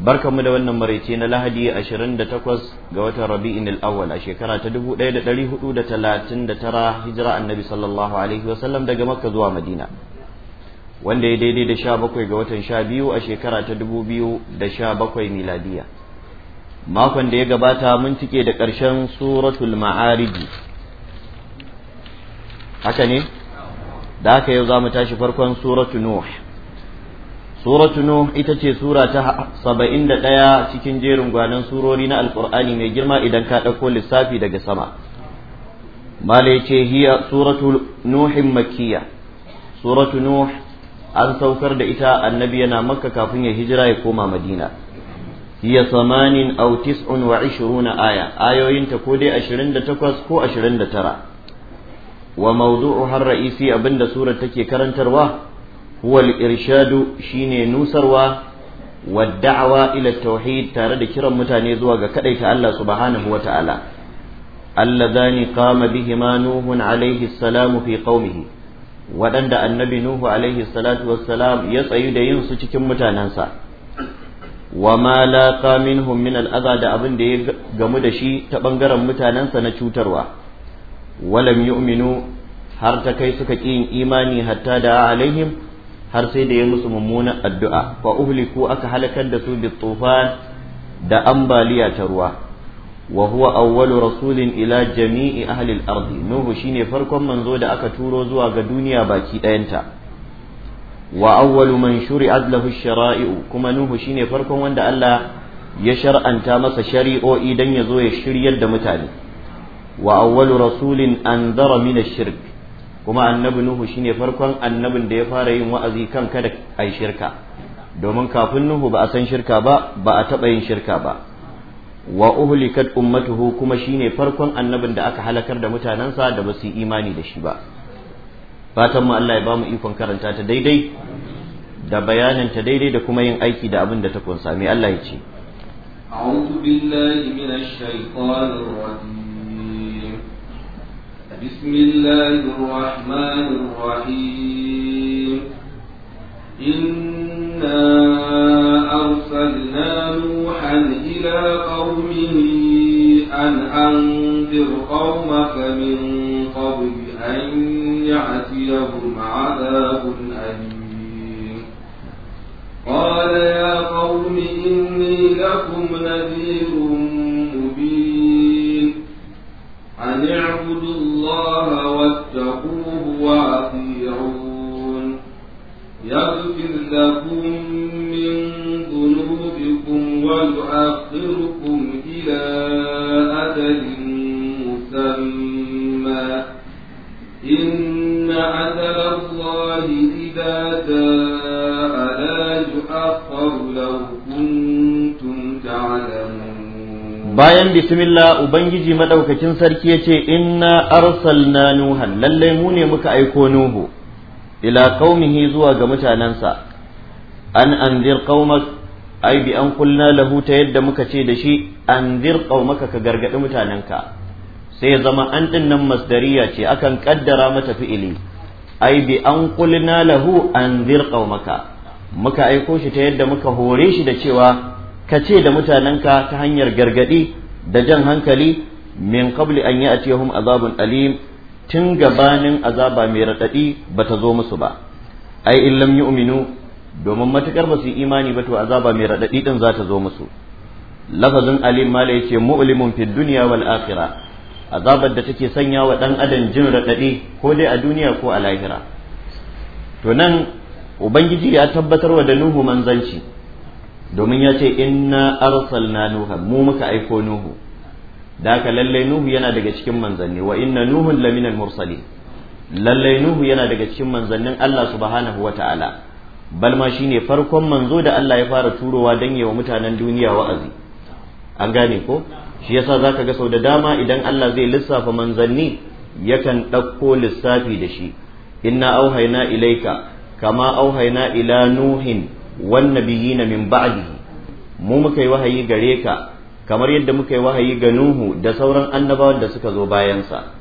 barkamu da wannan maraice na lahadi 28 ga watan rabi'in al-awwal a shekara ta 1439 hijira annabi sallallahu alaihi wasallam daga makka zuwa madina wanda ya daidai da 17 ga watan 12 a shekara ta 2017 miladiya makon da ya gabata mun cike da ƙarshen suratul ma'arij haka ne da haka yau za mu tashi farkon suratul nuh suratu nuh ita ce sura ta saba'in da ɗaya cikin jerin gwanon surori na Alƙur'ani mai girma idan ka ɗauko lissafi daga sama mala ce hiya suratu nuhin makkiya suratu nuh an saukar da ita annabi yana makka kafin ya hijira ya koma madina hiya samanin aw tis'un wa na aya ayoyinta ko dai ashirin da takwas ko ashirin da tara wa mawdu'uha har ra'isi abinda surar take karantarwa huwa al-irshadu shine nusarwa wa da'wa ila tauhid tare da kiran mutane zuwa ga kadaita Allah subhanahu wata'ala alladhani qama bihima nuhun alayhi salamu fi qaumihi waɗanda annabi nuhu alayhi salatu wassalam ya tsayu da yin su cikin mutanensa wa ma laqa minhum da abin da ya gamu da shi ta ɓangaren mutanensa na cutarwa walam yu'minu har ta kai suka ƙi imani hatta da alaihim har sai da ya musu mummunan addu'a fa uhliku aka halakar da su bit tsufa da ambaliya ta ruwa wa huwa awwalu rasulin ila jami'i ahli al-ardi nuhu shine farkon manzo da aka turo zuwa ga duniya baki ɗayanta. wa awwalu man shuri'at lahu shara'i'u kuma nuhu shine farkon wanda Allah ya shar'anta masa shari'o'i dan ya zo ya shiryar da mutane wa awwalu rasulin anzara min ash-shirk kuma annabi nuhu shine farkon annabin da ya fara yin wa'azi kan kada a yi shirka domin kafin nuhu ba a san shirka ba ba a taɓa yin shirka ba wa uhlikat ummatuhu kuma shine farkon annabin da aka halakar da mutanensa da ba su yi imani da shi ba fatan mu Allah ya ba ikon karanta ta daidai da bayanin ta daidai da kuma yin aiki da abin da ta kunsa me Allah ya ce أعوذ بالله من الشيطان بسم الله الرحمن الرحيم إنا أرسلنا نوحا إلى قومه أن أنذر قومك من قبل أن يأتيهم عذاب أليم قال يا قوم إني لكم نذير أن اعبدوا الله واتقوه وأطيعون يغفر لكم من ذنوبكم ويؤخركم إلى أجل مسمى إن أجل الله إذا جاء لا يؤخر لو كنتم تعلمون bayan bismillah ubangiji madaukakin sarki yace inna arsalna nuhan lalle mu ne muka aiko nuhu ila qaumihi zuwa ga mutanansa an anzir qaumak ai bi an kulna lahu ta yadda muka ce da shi anzir qaumaka ka gargadi mutanenka sai zama an nan masdariya ce akan kaddara mata fi'ili ai bi an kulna lahu anzir qaumaka muka aiko shi ta yadda muka hore shi da cewa ka ce da mutanenka ta hanyar gargadi da jan hankali min qabli an ya'tiyahum azabun alim tun gabanin azaba mai radadi bata zo musu ba ai in lam yu'minu domin matukar ba su yi imani ba to azaba mai radadi din za ta zo musu lafazin alim mala yace mu'limun fid dunya wal akhirah azabar da take sanya wa dan adam jin radadi ko dai a duniya ko a lahira to nan ubangiji ya tabbatar wa da nuhu manzanci domin ya ce inna arsalna nuha mu muka aiko nuhu da haka lallai nuhu yana daga cikin manzanni wa inna nuhun laminal mursali lallai nuhu yana daga cikin manzannin Allah subhanahu wa ta'ala bal ma shine farkon manzo da Allah ya fara turowa dan yawa mutanen duniya wa'azi an gane ko shi yasa zaka ga sau da dama idan Allah zai lissafa manzanni yakan ɗauko lissafi da shi inna auhayna ilaika kama auhayna ila nuhin wan min ba'dihi mu muka yi wahayi gare ka kamar yadda muka yi wahayi ga Nuhu da sauran annabawan da suka zo bayansa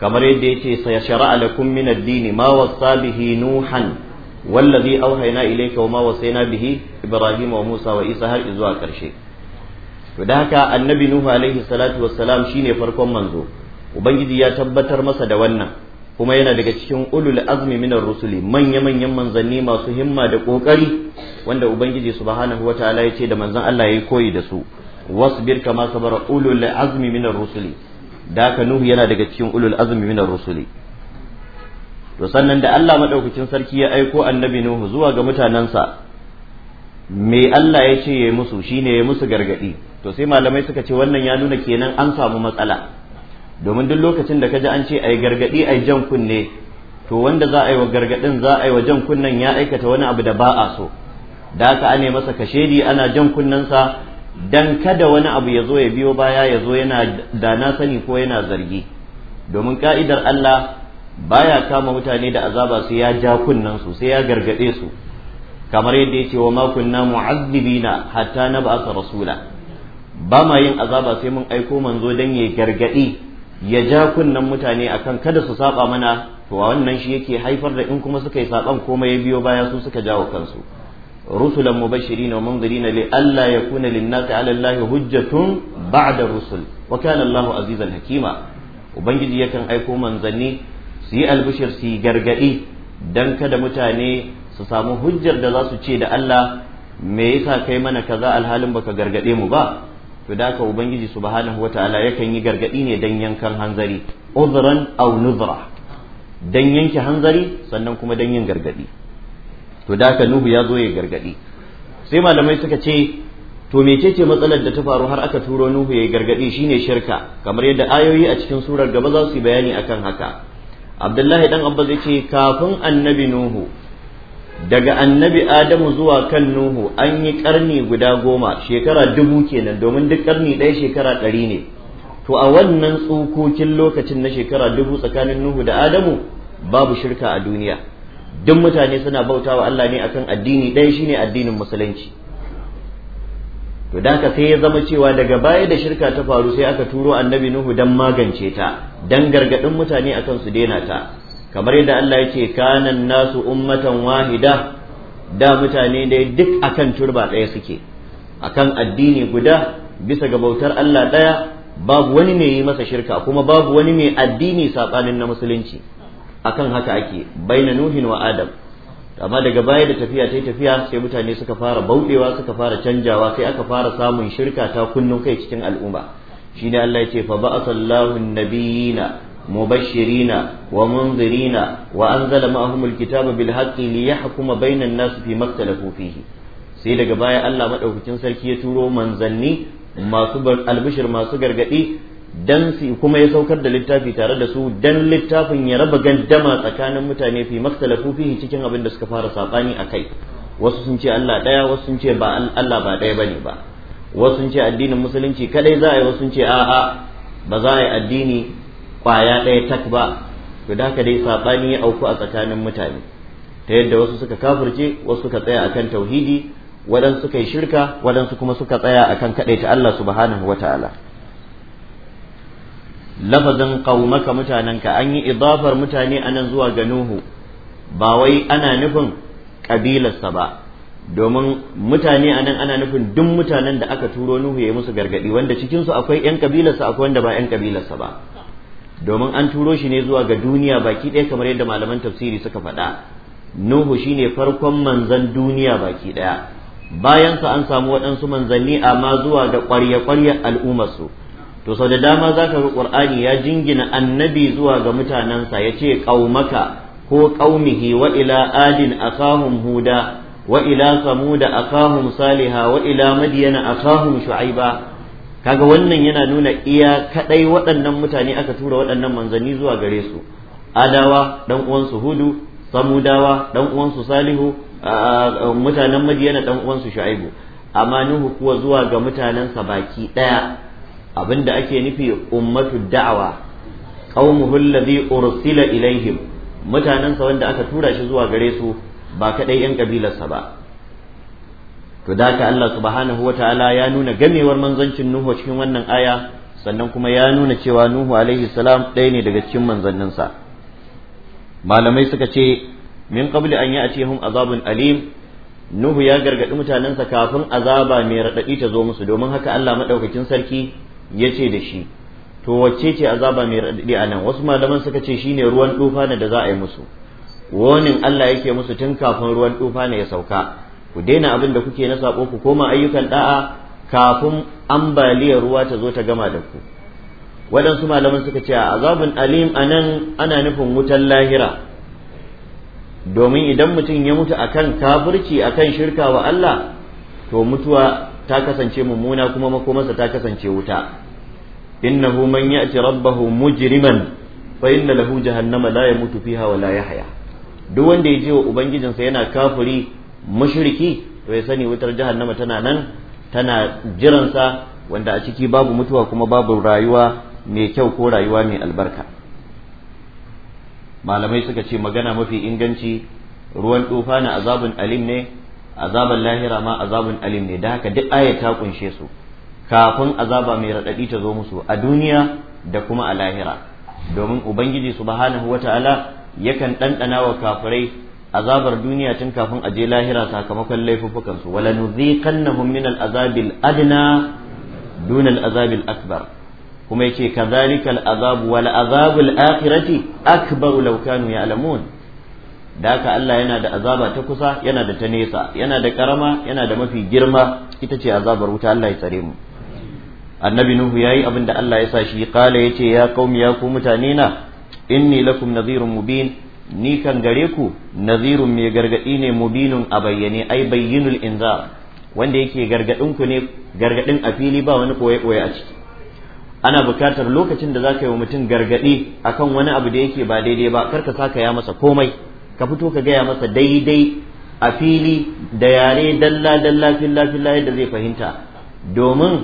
kamar yadda ya sa saya lakum min ad-din ma wasa bihi nuhan wallazi auhaina ilayka wama wasaina bihi ibrahim wa musa wa isa har zuwa karshe to da haka annabi nuhu alaihi salatu wassalam shine farkon manzo ubangiji ya tabbatar masa da wannan kuma yana daga cikin ulul azmi minar rusuli manya-manyan manzanni masu himma da kokari wanda ubangiji subhanahu wataala ya ce da manzon Allah yayi koyi da su wasbir kama sabara ulul azmi minar rusuli da ka nuhu yana daga cikin ulul azmi minar rusuli to sannan da Allah madaukakin sarki ya aiko annabi nuhu zuwa ga mutanansa me Allah ya ce ya musu shine ya musu gargadi to sai malamai suka ce wannan ya nuna kenan an samu matsala domin duk lokacin da kaji an ce ai gargadi ai jan kunne to wanda za a yi wa gargadin za a yi wa jan kunnen ya aikata wani abu da ba a so da aka ane masa kashedi ana jan kunnensa dan kada wani abu ya zo ya biyo baya ya zo yana da na sani ko yana zargi domin ka'idar Allah baya kama mutane da azaba su ya ja kunnen su sai ya gargade su kamar yadda ya ce wa ma kunna mu'azzibina hatta na ba'asa rasula ba ma yin azaba sai mun aiko manzo dan ya gargadi ya ja kunnen mutane akan kada su saba mana to wannan shi yake haifar da in kuma suka yi saban komai ya biyo baya su suka jawo kansu rusulan mubashirin wa mundirin li alla yakuna lin-nasi 'ala Allahi hujjatun ba'da rusul wa kana Allahu azizan hakima ubangiji yakan aiko manzanni su yi albishir su yi gargadi dan kada mutane su samu hujjar da za su ce da Allah me yasa kai mana kaza alhalin baka gargade mu ba to da ka ubangiji subhanahu wataala yakan yi gargadi ne dan yankan hanzari udhran aw nuzra dan yanke hanzari sannan kuma dan yin gargadi to da ka nuhu ya zo ya gargadi sai malamai suka ce to mecece matsalar da ta faru har aka turo nuhu ya gargadi shine shirka kamar yadda ayoyi a cikin surar gaba za su yi bayani akan haka abdullahi dan abba zai ce kafin annabi nuhu daga annabi adamu zuwa kan nuhu an yi karni guda goma shekara dubu kenan domin duk karni ɗaya shekara ɗari ne to a wannan tsukokin lokacin na shekara dubu tsakanin nuhu da adamu babu shirka a duniya duk mutane suna bauta wa Allah ne akan addini ɗaya shine addinin musulunci to da haka sai ya zama cewa daga baya da shirka ta faru sai aka turo annabi nuhu don magance ta don gargaɗin mutane akan su daina ta kamar yadda Allah ya ce kanan nasu ummatan wahida da mutane da duk akan turba ɗaya suke akan addini guda bisa ga bautar Allah ɗaya babu wani mai yi masa shirka kuma babu wani mai addini saɓanin na musulunci akan haka ake baina nuhin wa adam amma daga baya da tafiya ta tafiya sai mutane suka fara bauɗewa suka fara canjawa sai aka fara samun shirka ta kunnu kai cikin al'umma shi ne Allah ya ce fa ba'asallahu an-nabiyina mubashirina wa munzirina wa a ma'ahum alkitaba bil haqqi liyahkuma bainan nas fi maktalafu fihi sai daga baya Allah madaukakin sarki ya turo manzanni masu albishir masu gargadi kuma ya saukar da littafi tare da su dan littafin ya raba gandama tsakanin mutane fi maktalafu fihi cikin abin da suka fara sabani akai wasu sun ce Allah daya wasu sun ce ba Allah ba daya bane ba wasu sun ce addinin musulunci kadai za a yi wasu sun ce a'a ba za a yi addini kwaya ɗaya tak ba to da haka dai saɓani ya auku a tsakanin mutane ta yadda wasu suka kafirce wasu suka tsaya akan tauhidi waɗansu suka yi shirka waɗansu kuma suka tsaya akan kaɗaita Allah subhanahu wa ta'ala lafazin qaumaka mutanenka an yi idafar mutane anan zuwa ga Nuhu ba wai ana nufin kabilarsa ba domin mutane anan ana nufin duk mutanen da aka turo Nuhu ya yi musu gargadi wanda cikinsu akwai 'yan kabilarsa akwai wanda ba 'yan kabilarsa ba domin an turo shi ne zuwa ga duniya baki ɗaya kamar yadda malaman tafsiri suka faɗa nuhu shine farkon manzan duniya baki ɗaya bayansa an samu waɗansu manzanni amma zuwa ga ƙwarya-ƙwarya al'ummarsu to sau da dama za ka ƙur'ani ya jingina annabi zuwa ga mutanensa ya ce ƙaumaka ko ƙaumihi wa ila adin akahum huda wa ila samuda akahum saliha wa ila madiyana akahum shu'aiba kaga wannan yana nuna iya kadai waɗannan mutane aka tura waɗannan manzanni zuwa gare su adawa dan uwansu hudu samudawa dan uwansu salihu mutanen madiyana dan uwansu shu'aibu amma nuhu kuwa zuwa ga mutanensa baki daya abinda ake nufi ummatu da'awa qaumuhu alladhi ursila ilaihim mutanensa wanda aka tura shi zuwa gare su ba kadai yan kabilarsa ba to da ka Allah subhanahu ta'ala ya nuna gamewar manzancin Nuhu cikin wannan aya sannan kuma ya nuna cewa Nuhu alaihi salam ɗaya ne daga cikin manzanninsa malamai suka ce min qabli an ya'tihum azabun alim Nuhu ya gargaɗi mutanensa kafin azaba mai radadi ta zo musu domin haka Allah maɗaukakin sarki ya ce da shi to wacce ce azaba mai radadi a nan wasu malaman suka ce shine ruwan tufana da za a yi musu wonin Allah yake musu tun kafin ruwan tufana ya sauka ku daina abin da kuke na sako ku koma ayyukan da'a kafin ambaliyar ruwa ta zo ta gama da ku waɗansu malaman suka ce azabun alim a nan ana nufin wutan lahira domin idan mutum ya mutu akan kafirci akan shirka wa Allah to mutuwa ta kasance mummuna kuma makomarsa ta kasance wuta innahu man ya'ti rabbahu mujriman fa inna lahu jahannama la yamutu fiha wa la yahya duk wanda ya je wa ubangijinsa yana kafiri mushriki to ya sani wutar jahannama tana nan tana jiransa wanda a ciki babu mutuwa kuma babu rayuwa mai kyau ko rayuwa mai albarka malamai suka ce magana mafi inganci ruwan tufa na azabun alim ne azaban lahira ma azabun alim ne da haka duk aya ta kunshe su kafin azaba mai raɗaɗi ta zo musu a duniya da kuma a lahira domin ubangiji subhanahu wata'ala yakan ɗanɗana wa kafirai azabar duniya tun kafin a je lahira sakamakon laifuffukan su wala nuziqannahum min al-azabil adna dun al-azabil akbar kuma yace kadhalika al-azab wal azabul akhirati akbar law kanu ya'lamun da haka Allah yana da azaba ta kusa yana da ta nesa yana da karama yana da mafi girma ita ce azabar wuta Allah ya tsare mu annabi nuhu yayi abin da Allah ya sa shi kala yace ya qaumi ya ku mutane na inni lakum nadhirun mubin ni kan gare ku nazirun mai gargaɗi ne mubinun a bayyane ai bayyinul inzar wanda yake gargaɗin ku ne gargaɗin a fili ba wani koye koye a ciki ana buƙatar lokacin da zaka yi wa mutum gargaɗi akan wani abu da yake ba daidai ba kar ka saka ya masa komai ka fito ka gaya masa daidai a fili da yare dalla dalla filla filla yadda zai fahimta domin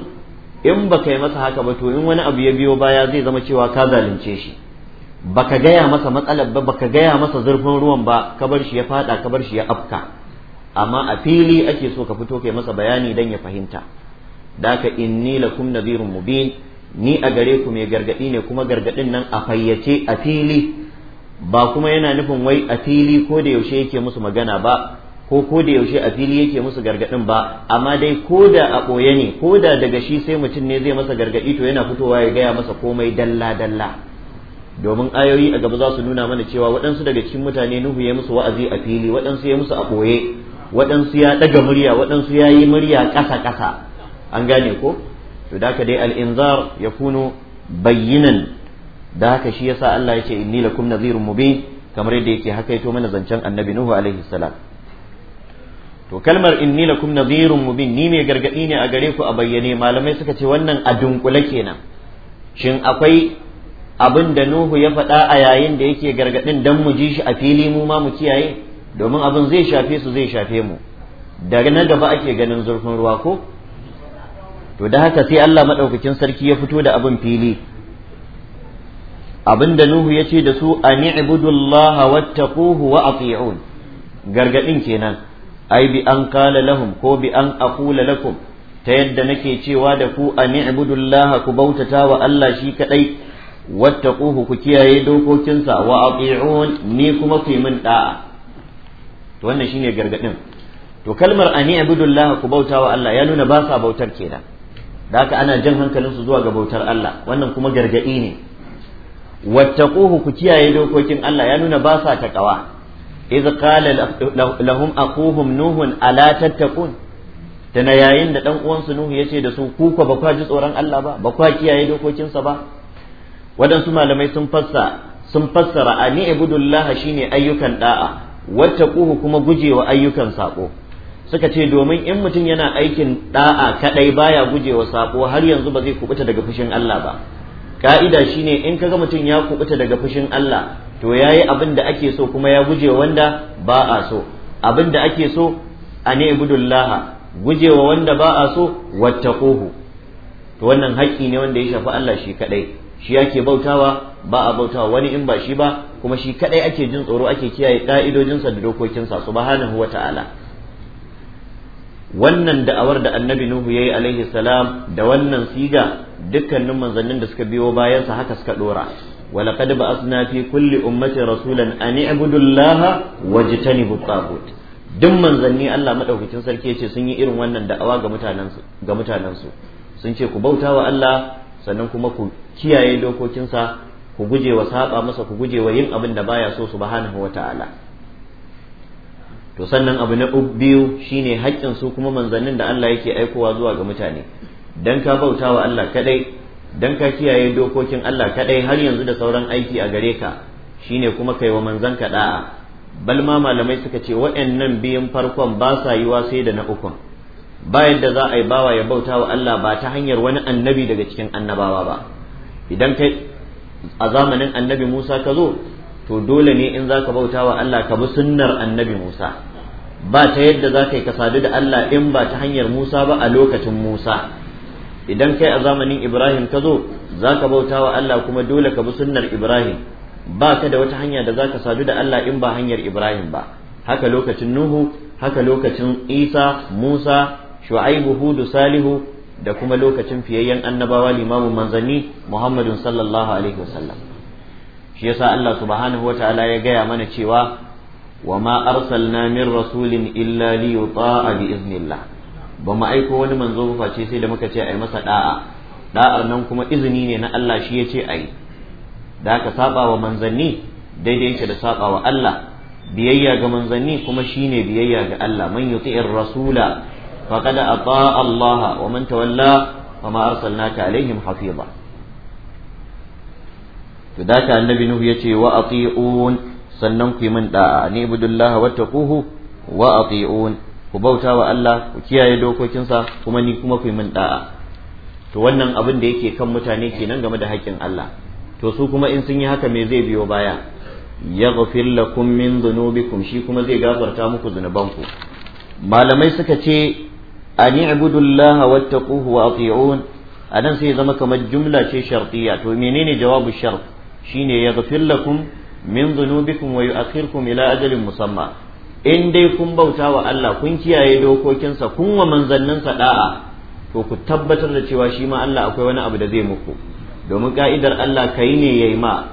in baka yi masa haka ba to in wani abu ya biyo baya zai zama cewa ka zalunce shi baka gaya masa matsalar ba baka gaya masa zurfin ruwan ba ka bar shi ya fada ka bar shi ya afka amma a fili ake so ka fito kai masa bayani dan ya fahimta daka inni lakum nadhirun mubin ni a gare ku mai gargadi ne kuma gargadin nan a fayyace a fili ba kuma yana nufin wai a fili ko da yaushe yake musu magana ba ko ko da yaushe a fili yake musu gargadin ba amma dai ko da a boye ne ko da daga shi sai mutum ne zai masa gargadi to yana fitowa ya gaya masa komai dalla dalla domin ayoyi a gaba za su nuna mana cewa waɗansu daga cikin mutane nuhu ya musu wa'azi a fili waɗansu ya musu a ɓoye waɗansu ya ɗaga murya waɗansu ya yi murya ƙasa ƙasa an gane ko to da dai al'inzar ya kunu bayyinan da haka shi yasa Allah ya ce inni lakum nadhirun mubin kamar yadda yake hakaito mana zancen annabi nuhu alaihi salam to kalmar inni lakum nadhirun mubin ni mai gargaɗi ne a gare ku a bayyane malamai suka ce wannan a dunkule kenan shin akwai abin da Nuhu ya faɗa a yayin da yake gargaɗin don mu ji shi a fili mu ma mu kiyaye domin abin zai shafe su zai shafe mu daga na gaba ake ganin zurfin ruwa ko to da haka sai Allah maɗaukakin sarki ya fito da abin fili abin da Nuhu ya ce da su a ni'budullaha wattaquhu wa ati'un gargaɗin kenan ai bi an kala lahum ko bi an aqula lakum ta yadda nake cewa da ku a ni'budullaha ku bautata wa Allah shi kadai wattaquhu ku kiyaye dokokinsa wa ati'un ni kuma ku yi min da'a to wannan shine gargadin to kalmar ani abudullah ku bauta wa Allah ya nuna ba sa bautar kenan da haka ana jan hankalin su zuwa ga bautar Allah wannan kuma gargadi ne wattaquhu ku kiyaye dokokin Allah ya nuna ba sa takawa idh qala lahum aquhum nuhun ala tattaqun tana yayin da dan uwansu nuhu yace da su ku ba kwa ji tsoron Allah ba ba kwa kiyaye dokokinsa ba waɗansu malamai sun fassa sun fassara a shine ayyukan da'a kuhu kuma gujewa ayyukan sako suka ce domin in mutum yana aikin da'a kadai baya gujewa sako har yanzu ba zai kubuta daga fushin Allah ba ka'ida shine in kaga mutum ya kubuta daga fushin Allah to yayi abin da ake so kuma ya guje wanda ba a so abin da ake so a guje gujewa wanda ba a so kuhu to wannan haƙƙi ne wanda ya shafi Allah shi kadai shi yake bautawa ba a bautawa wani in ba shi ba kuma shi kadai ake jin tsoro ake kiyaye ka'idojinsa da dokokinsa subhanahu ta'ala wannan da'awar da annabi nuhu yayi alaihi salam da wannan siga dukkanin manzannin da suka biyo bayansa haka suka dora ولقد بعثنا في كل أمة رسولا أن اعبدوا الله واجتنبوا الطاغوت duk manzanni Allah madaukakin sarki yace sun yi irin wannan da'awa ga ga mutanensu sun ce ku bauta wa Allah sannan kuma ku kiyaye dokokinsa ku guje wa saba masa ku guje wa yin abin da baya so su subhanahu wata'ala to sannan abu na biyu shine haƙƙin su kuma manzannin da Allah yake aikowa zuwa ga mutane dan ka bauta wa Allah kadai dan ka kiyaye dokokin Allah kadai har yanzu da sauran aiki a gare ka shine kuma kai wa manzan ka da'a bal ma malamai suka ce waɗannan biyun farkon ba sa yiwa sai da na ukun ba yadda za a yi bawa ya bauta wa Allah ba ta hanyar wani annabi daga cikin annabawa ba idan kai a zamanin annabi Musa ka zo to dole ne in za ka bauta wa Allah ka bi sunnar annabi Musa ba ta yadda za ka yi ka sadu da Allah in ba ta hanyar Musa ba a lokacin Musa idan kai a zamanin Ibrahim ka zo za ka bauta wa Allah kuma dole ka bi sunnar Ibrahim ba ka da wata hanya da za ka sadu da Allah in ba hanyar Ibrahim ba haka lokacin Nuhu haka lokacin Isa Musa shu'aibu hudu salihu da kuma lokacin fiyayyen annabawa limamin manzanni muhammadun sallallahu alaihi wasallam shi yasa Allah subhanahu wataala ya gaya mana cewa wa ma arsalna min rasulin illa li yuta'a bi iznillah ba mu aiko wani manzo ba face sai da muka ce ai masa da'a da'ar nan kuma izini ne na Allah shi yace ai da ka saba wa manzanni daidai yake da saba wa Allah biyayya ga manzanni kuma shine biyayya ga Allah man yuti'ir rasula a ata Allah wa man tawalla fama arsalnaka alaihim hafiza to da ka annabi nuhu yace wa ati'un sannan ku yi min da'a ni ibudullah wattaquhu wa ati'un ku bauta wa Allah ku kiyaye dokokinsa kuma ni kuma ku yi min da'a to wannan abin da yake kan mutane kenan game da haƙƙin Allah to su kuma in sun yi haka me zai biyo baya yaghfir lakum min dhunubikum shi kuma zai gafarta muku zunubanku malamai suka ce an i'budu Allah wattaquhu wa sai zama kamar jumla ce shartiya to menene jawabu shart shine yaghfir lakum min dhunubikum a kirkun ila ajalin musamma in dai kun bauta wa Allah kun kiyaye dokokinsa kun wa manzanninsa da'a to ku tabbatar da cewa shi ma Allah akwai wani abu da zai muku domin ka'idar Allah kai ne yayi ma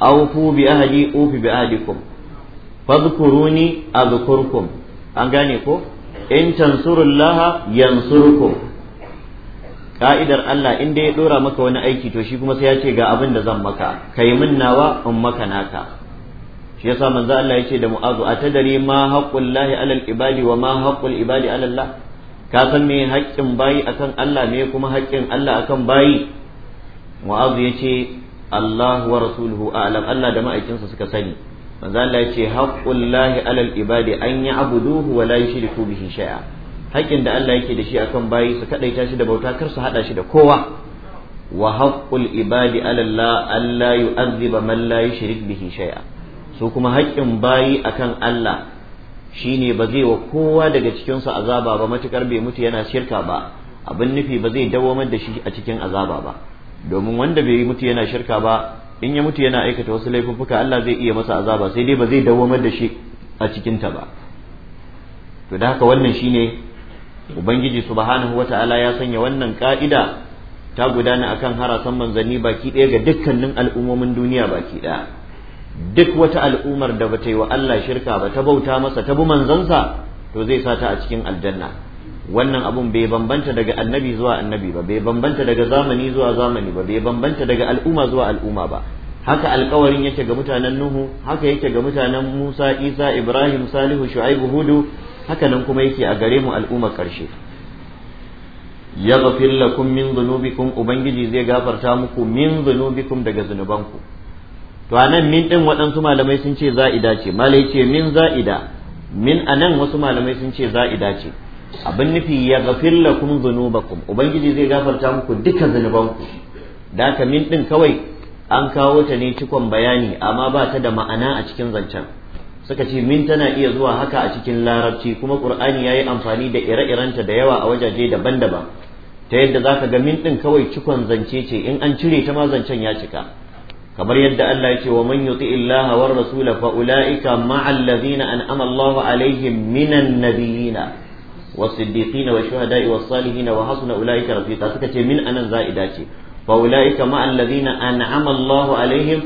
awfu bi ahadi ufi bi ahdikum fadhkuruni adhkurkum an gane ko in tansurullaha yansurkum ka'idar Allah in dai ya dora maka wani aiki to shi kuma sai ya ce ga abin da zan maka kai min nawa in maka naka shi yasa manzo Allah yace da Mu'azu atadari ma haqqul lahi alal ibadi wa ma haqqul ibadi alal Allah ka san me haƙƙin bayi akan Allah me kuma haƙƙin Allah akan bayi Mu'azu yace Allah wa rasuluhu a'lam Allah da ma'aikinsa suka sani manzo Allah yace haqqullahi alal ibadi an ya'buduhu wa la yushriku bihi shay'a haƙin da Allah yake da shi akan bayi su kadaita shi da bauta kar su hada shi da kowa wa haqqul ibadi ala Allah la yu'adhiba man la yushrik bihi shay'a su kuma haƙƙin bayi akan Allah shine ba zai wa kowa daga cikin su azaba ba matukar bai mutu yana shirka ba abin nufi ba zai dawamar da shi a cikin azaba ba domin wanda bai mutu yana shirka ba in ya mutu yana aikata wasu laifuffuka Allah zai iya masa azaba sai dai ba zai dawwamar da shi a cikin ta ba to da haka wannan shine ubangiji subhanahu wata'ala ya sanya wannan ka'ida ta gudana akan harasan manzani baki ɗaya ga dukkanin al'ummomin duniya baki ɗaya duk wata al'ummar da bata yi wa Allah shirka ba ta bauta masa ta bu manzansa to zai sa ta a cikin aljanna wannan abun bai bambanta daga annabi zuwa annabi ba bai bambanta daga zamani zuwa zamani ba bai bambanta daga al'umma zuwa al'umma ba haka alkawarin yake ga mutanen nuhu haka yake ga mutanen musa isa ibrahim salihu shu'aibu hudu haka nan kuma yake a gare mu al'umma karshe yaghfir lakum min dhunubikum ubangiji zai gafarta muku min dhunubikum daga zunubanku to anan min din waɗansu malamai sun ce za'ida ce malai ce min za'ida min anan wasu malamai sun ce za'ida ce abin nufi ya gafir lakum dhunubakum ubangiji zai gafarta muku duka zunubanku da haka min din kawai an kawo ta ne cikon bayani amma ba ta da ma'ana a cikin zancen suka ce min tana iya zuwa haka a cikin larabci kuma qur'ani yayi amfani da ire-irenta da yawa a wajaje daban-daban ta yadda zaka ga min din kawai cikon zance ce in an cire ta ma zancen ya cika kamar yadda Allah yake ce wa man yuti illaha war rasula fa ulaika ma'al ladzina an'ama Allahu alaihim minan nabiyina والصديقين والشهداء والصالحين وحسن أولئك رفيقا سكتي من أنا زائداتي فأولئك مع الذين أنعم الله عليهم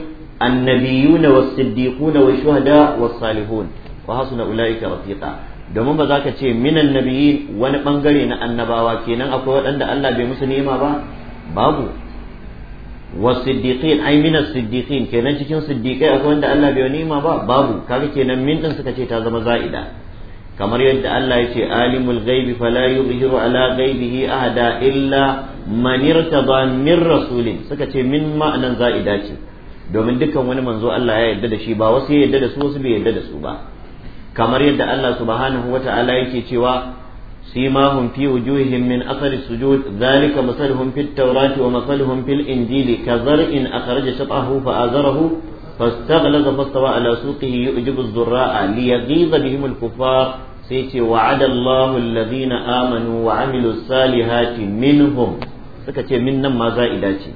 النبيون والصديقون والشهداء والصالحون وحسن أولئك رفيقا domin ba za ka ce minan nabiyin wani bangare na annabawa kenan akwai waɗanda Allah bai musu nema ba babu wasiddiqin ai min siddiqin kenan cikin siddiqai akwai wanda Allah bai nema ba babu kaga kenan min din suka ce ta zama za'ida kamar yadda Allah ya ce alimul gaibi fala yuzhiru ala ghaibihi ahada illa man irtada min rasulin suka ce min ma'anan za'ida ce domin dukkan wani manzo Allah ya yarda da shi ba wasu ya yarda da su wasu bai yarda da su ba kamar yadda Allah subhanahu wata'ala yake cewa simahum fi wujuhihim min athari sujud dhalika masaluhum fit tawrati wa masaluhum fil injili in akhraja shatahu fa azarahu فاستغلظ فاستوى على سوقه يعجب الزراع ليغيظ بهم الكفار سيتي وعد الله الذين آمنوا وعملوا الصالحات منهم سكتي منا ما زائداتي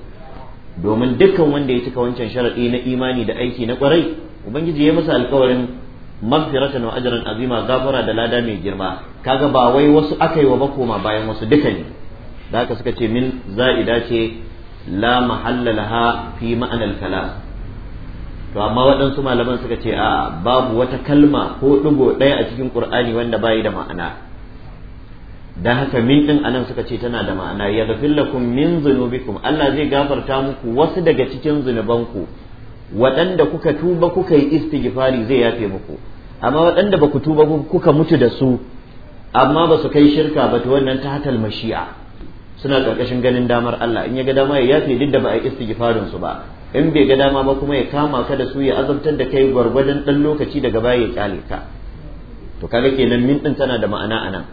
domin dukkan wanda ya cika wancan sharadi na imani da aiki na kwarai ubangiji ya masa alkawarin magfiratan wa ajran azima gafara da lada mai girma kaga ba wai wasu aka yi wa bakoma bayan wasu duka ne da haka suka ce min za'ida ce la mahallalaha fi ma'anar kalam to amma waɗansu malaman suka ce a babu wata kalma ko ɗigo ɗaya a cikin ƙur'ani wanda bayi da ma'ana da haka min ɗin anan suka ce tana da ma'ana ya lakum min zunubikum Allah zai gafarta muku wasu daga cikin zunubanku waɗanda kuka tuba kuka yi istighfari zai yafe muku amma waɗanda ba ku tuba kuka mutu da su amma ba su kai shirka ba to wannan ta hatal mashi'a suna ƙarƙashin ganin damar Allah in ya ga dama ya yafe duk da ba a yi istighfarin su ba in bai ga dama ba kuma ya kama ka da su ya azabtar da kai gwargwadon dan lokaci daga baya ya kyale ka to kaga kenan min din tana da ma'ana anan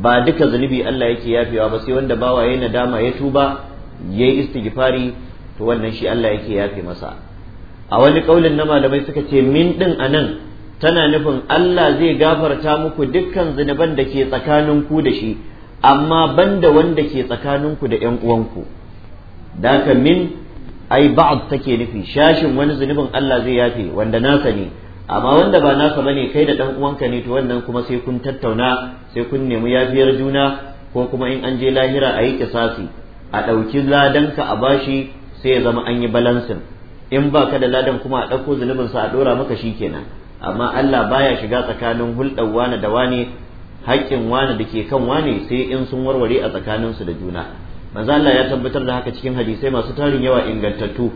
ba duka zunubi Allah yake yafewa ba sai wanda bawa yayi nadama ya tuba yayi istighfari to wannan shi Allah yake yafe masa a wani kaulin na malamai suka ce min din anan tana nufin Allah zai gafarta muku dukkan zunuban da ke tsakanin ku da shi amma banda wanda ke tsakanin ku da ƴan uwanku da min ai ba'd take nufi shashin wani zunubin Allah zai yafe wanda nasa ne amma wanda ba nasa bane kai da dan uwanka ne to wannan kuma sai kun tattauna sai kun nemi yafiyar juna ko kuma in an je lahira a yi kisasi a ɗauki ladanka a bashi sai ya zama an yi balansin in ba ka da ladan kuma a ɗauko sa a ɗora maka shi kenan amma Allah baya shiga tsakanin hulɗar wane da wane haƙƙin wane da ke kan wane sai in sun warware a tsakaninsu da juna manzo Allah ya tabbatar da haka cikin hadisai masu tarin yawa ingantattu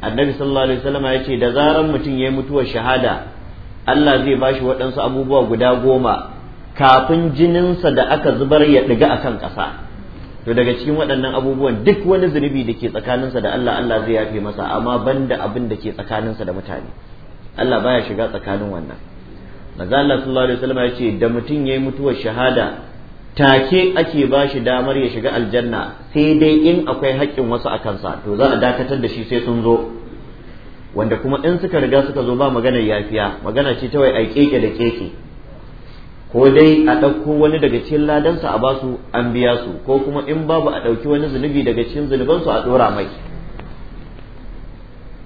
annabi sallallahu alaihi wasallam ya ce da zaran mutum ya yi mutuwar shahada Allah zai ba shi waɗansu abubuwa guda goma kafin jininsa da aka zubar ya ɗiga akan kan ƙasa to daga cikin waɗannan abubuwan duk wani zunubi da ke tsakaninsa da Allah Allah zai yafe masa amma banda abin da ke tsakaninsa da mutane Allah baya shiga tsakanin wannan manzo Allah sallallahu alaihi wasallam ya ce da mutum yi mutuwar shahada take ake ba shi damar ya shiga aljanna sai dai in akwai haƙƙin wasu a kansa to za a dakatar da shi sai sun zo wanda kuma in suka riga suka zo ba magana yafiya magana ce ta wai a keke da keke ko dai a ɗauko wani daga cikin ladansa a basu an biya su ko kuma in babu a ɗauki wani zunubi daga cikin zunubansu a ɗora mai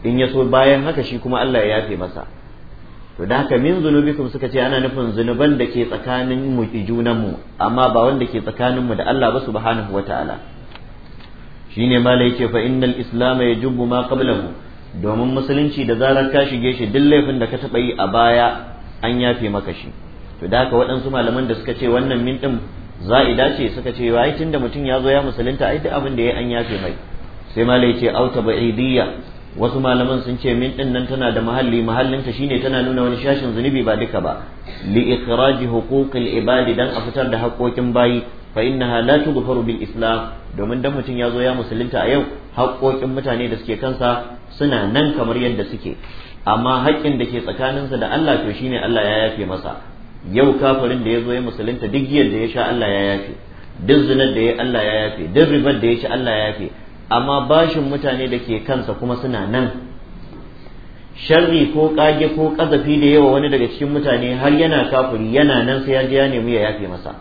in ya so bayan haka shi kuma Allah ya yafe masa to da haka min zunubikum suka ce ana nufin zunuban da ke tsakanin mu junan mu amma ba wanda ke tsakanin mu da Allah ba subhanahu wataala shine ma yake fa innal islam yajubu ma qablahu domin musulunci da zarar ka shige shi duk laifin da ka taba yi a baya an yafe maka shi to da haka waɗansu malaman da suka ce wannan min din za'ida ce suka ce wai tunda mutum ya zo ya musulunta ai duk abin da ya an yafe mai sai malai lai ce auta ba'idiyya wasu malaman sun ce min ɗin nan tana da mahalli mahallinta shine tana nuna wani shashin zunubi ba duka ba li ikhraji huquqil ibadi dan a fitar da haƙoƙin bayi fa innaha la tughfaru bil islam domin dan mutum ya zo ya musulunta a yau haƙoƙin mutane da suke kansa suna nan kamar yadda suke amma haƙƙin da ke tsakaninsa da Allah to shine Allah ya yafe masa yau kafirin da ya zo ya musulunta duk yadda ya sha Allah ya yafe duk zinar da ya Allah ya yafe duk ribar da ya sha Allah ya yafe amma bashin mutane da ke kansa kuma suna nan sharri ko kage ko kazafi da yawa wani daga cikin mutane har yana kafuri yana nan sai ya je ya nemi ya yafe masa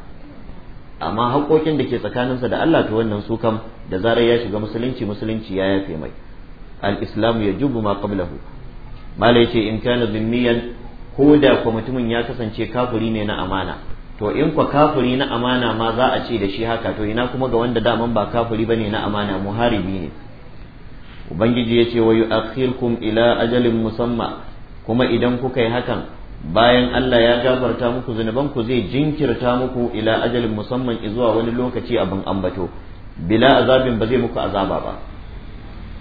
amma haƙoƙin da ke tsakaninsa da Allah to wannan su kam da zarar ya shiga musulunci musulunci ya yafe mai al-islamu yajubu ma qablahu malai ce in kana zimmiyan ko da ko mutumin ya kasance kafuri ne na amana to in kwa kafuri na amana ma za a ce da shi haka to ina kuma ga wanda daman ba kafuri bane na amana muharibi ne ubangiji ya ce wa yu'akhirkum ila ajalin musamma kuma idan kuka yi hakan bayan Allah ya gafarta muku zunuban ku zai jinkirta muku ila ajalin musamman zuwa wani lokaci abin ambato bila azabin ba zai muku azaba ba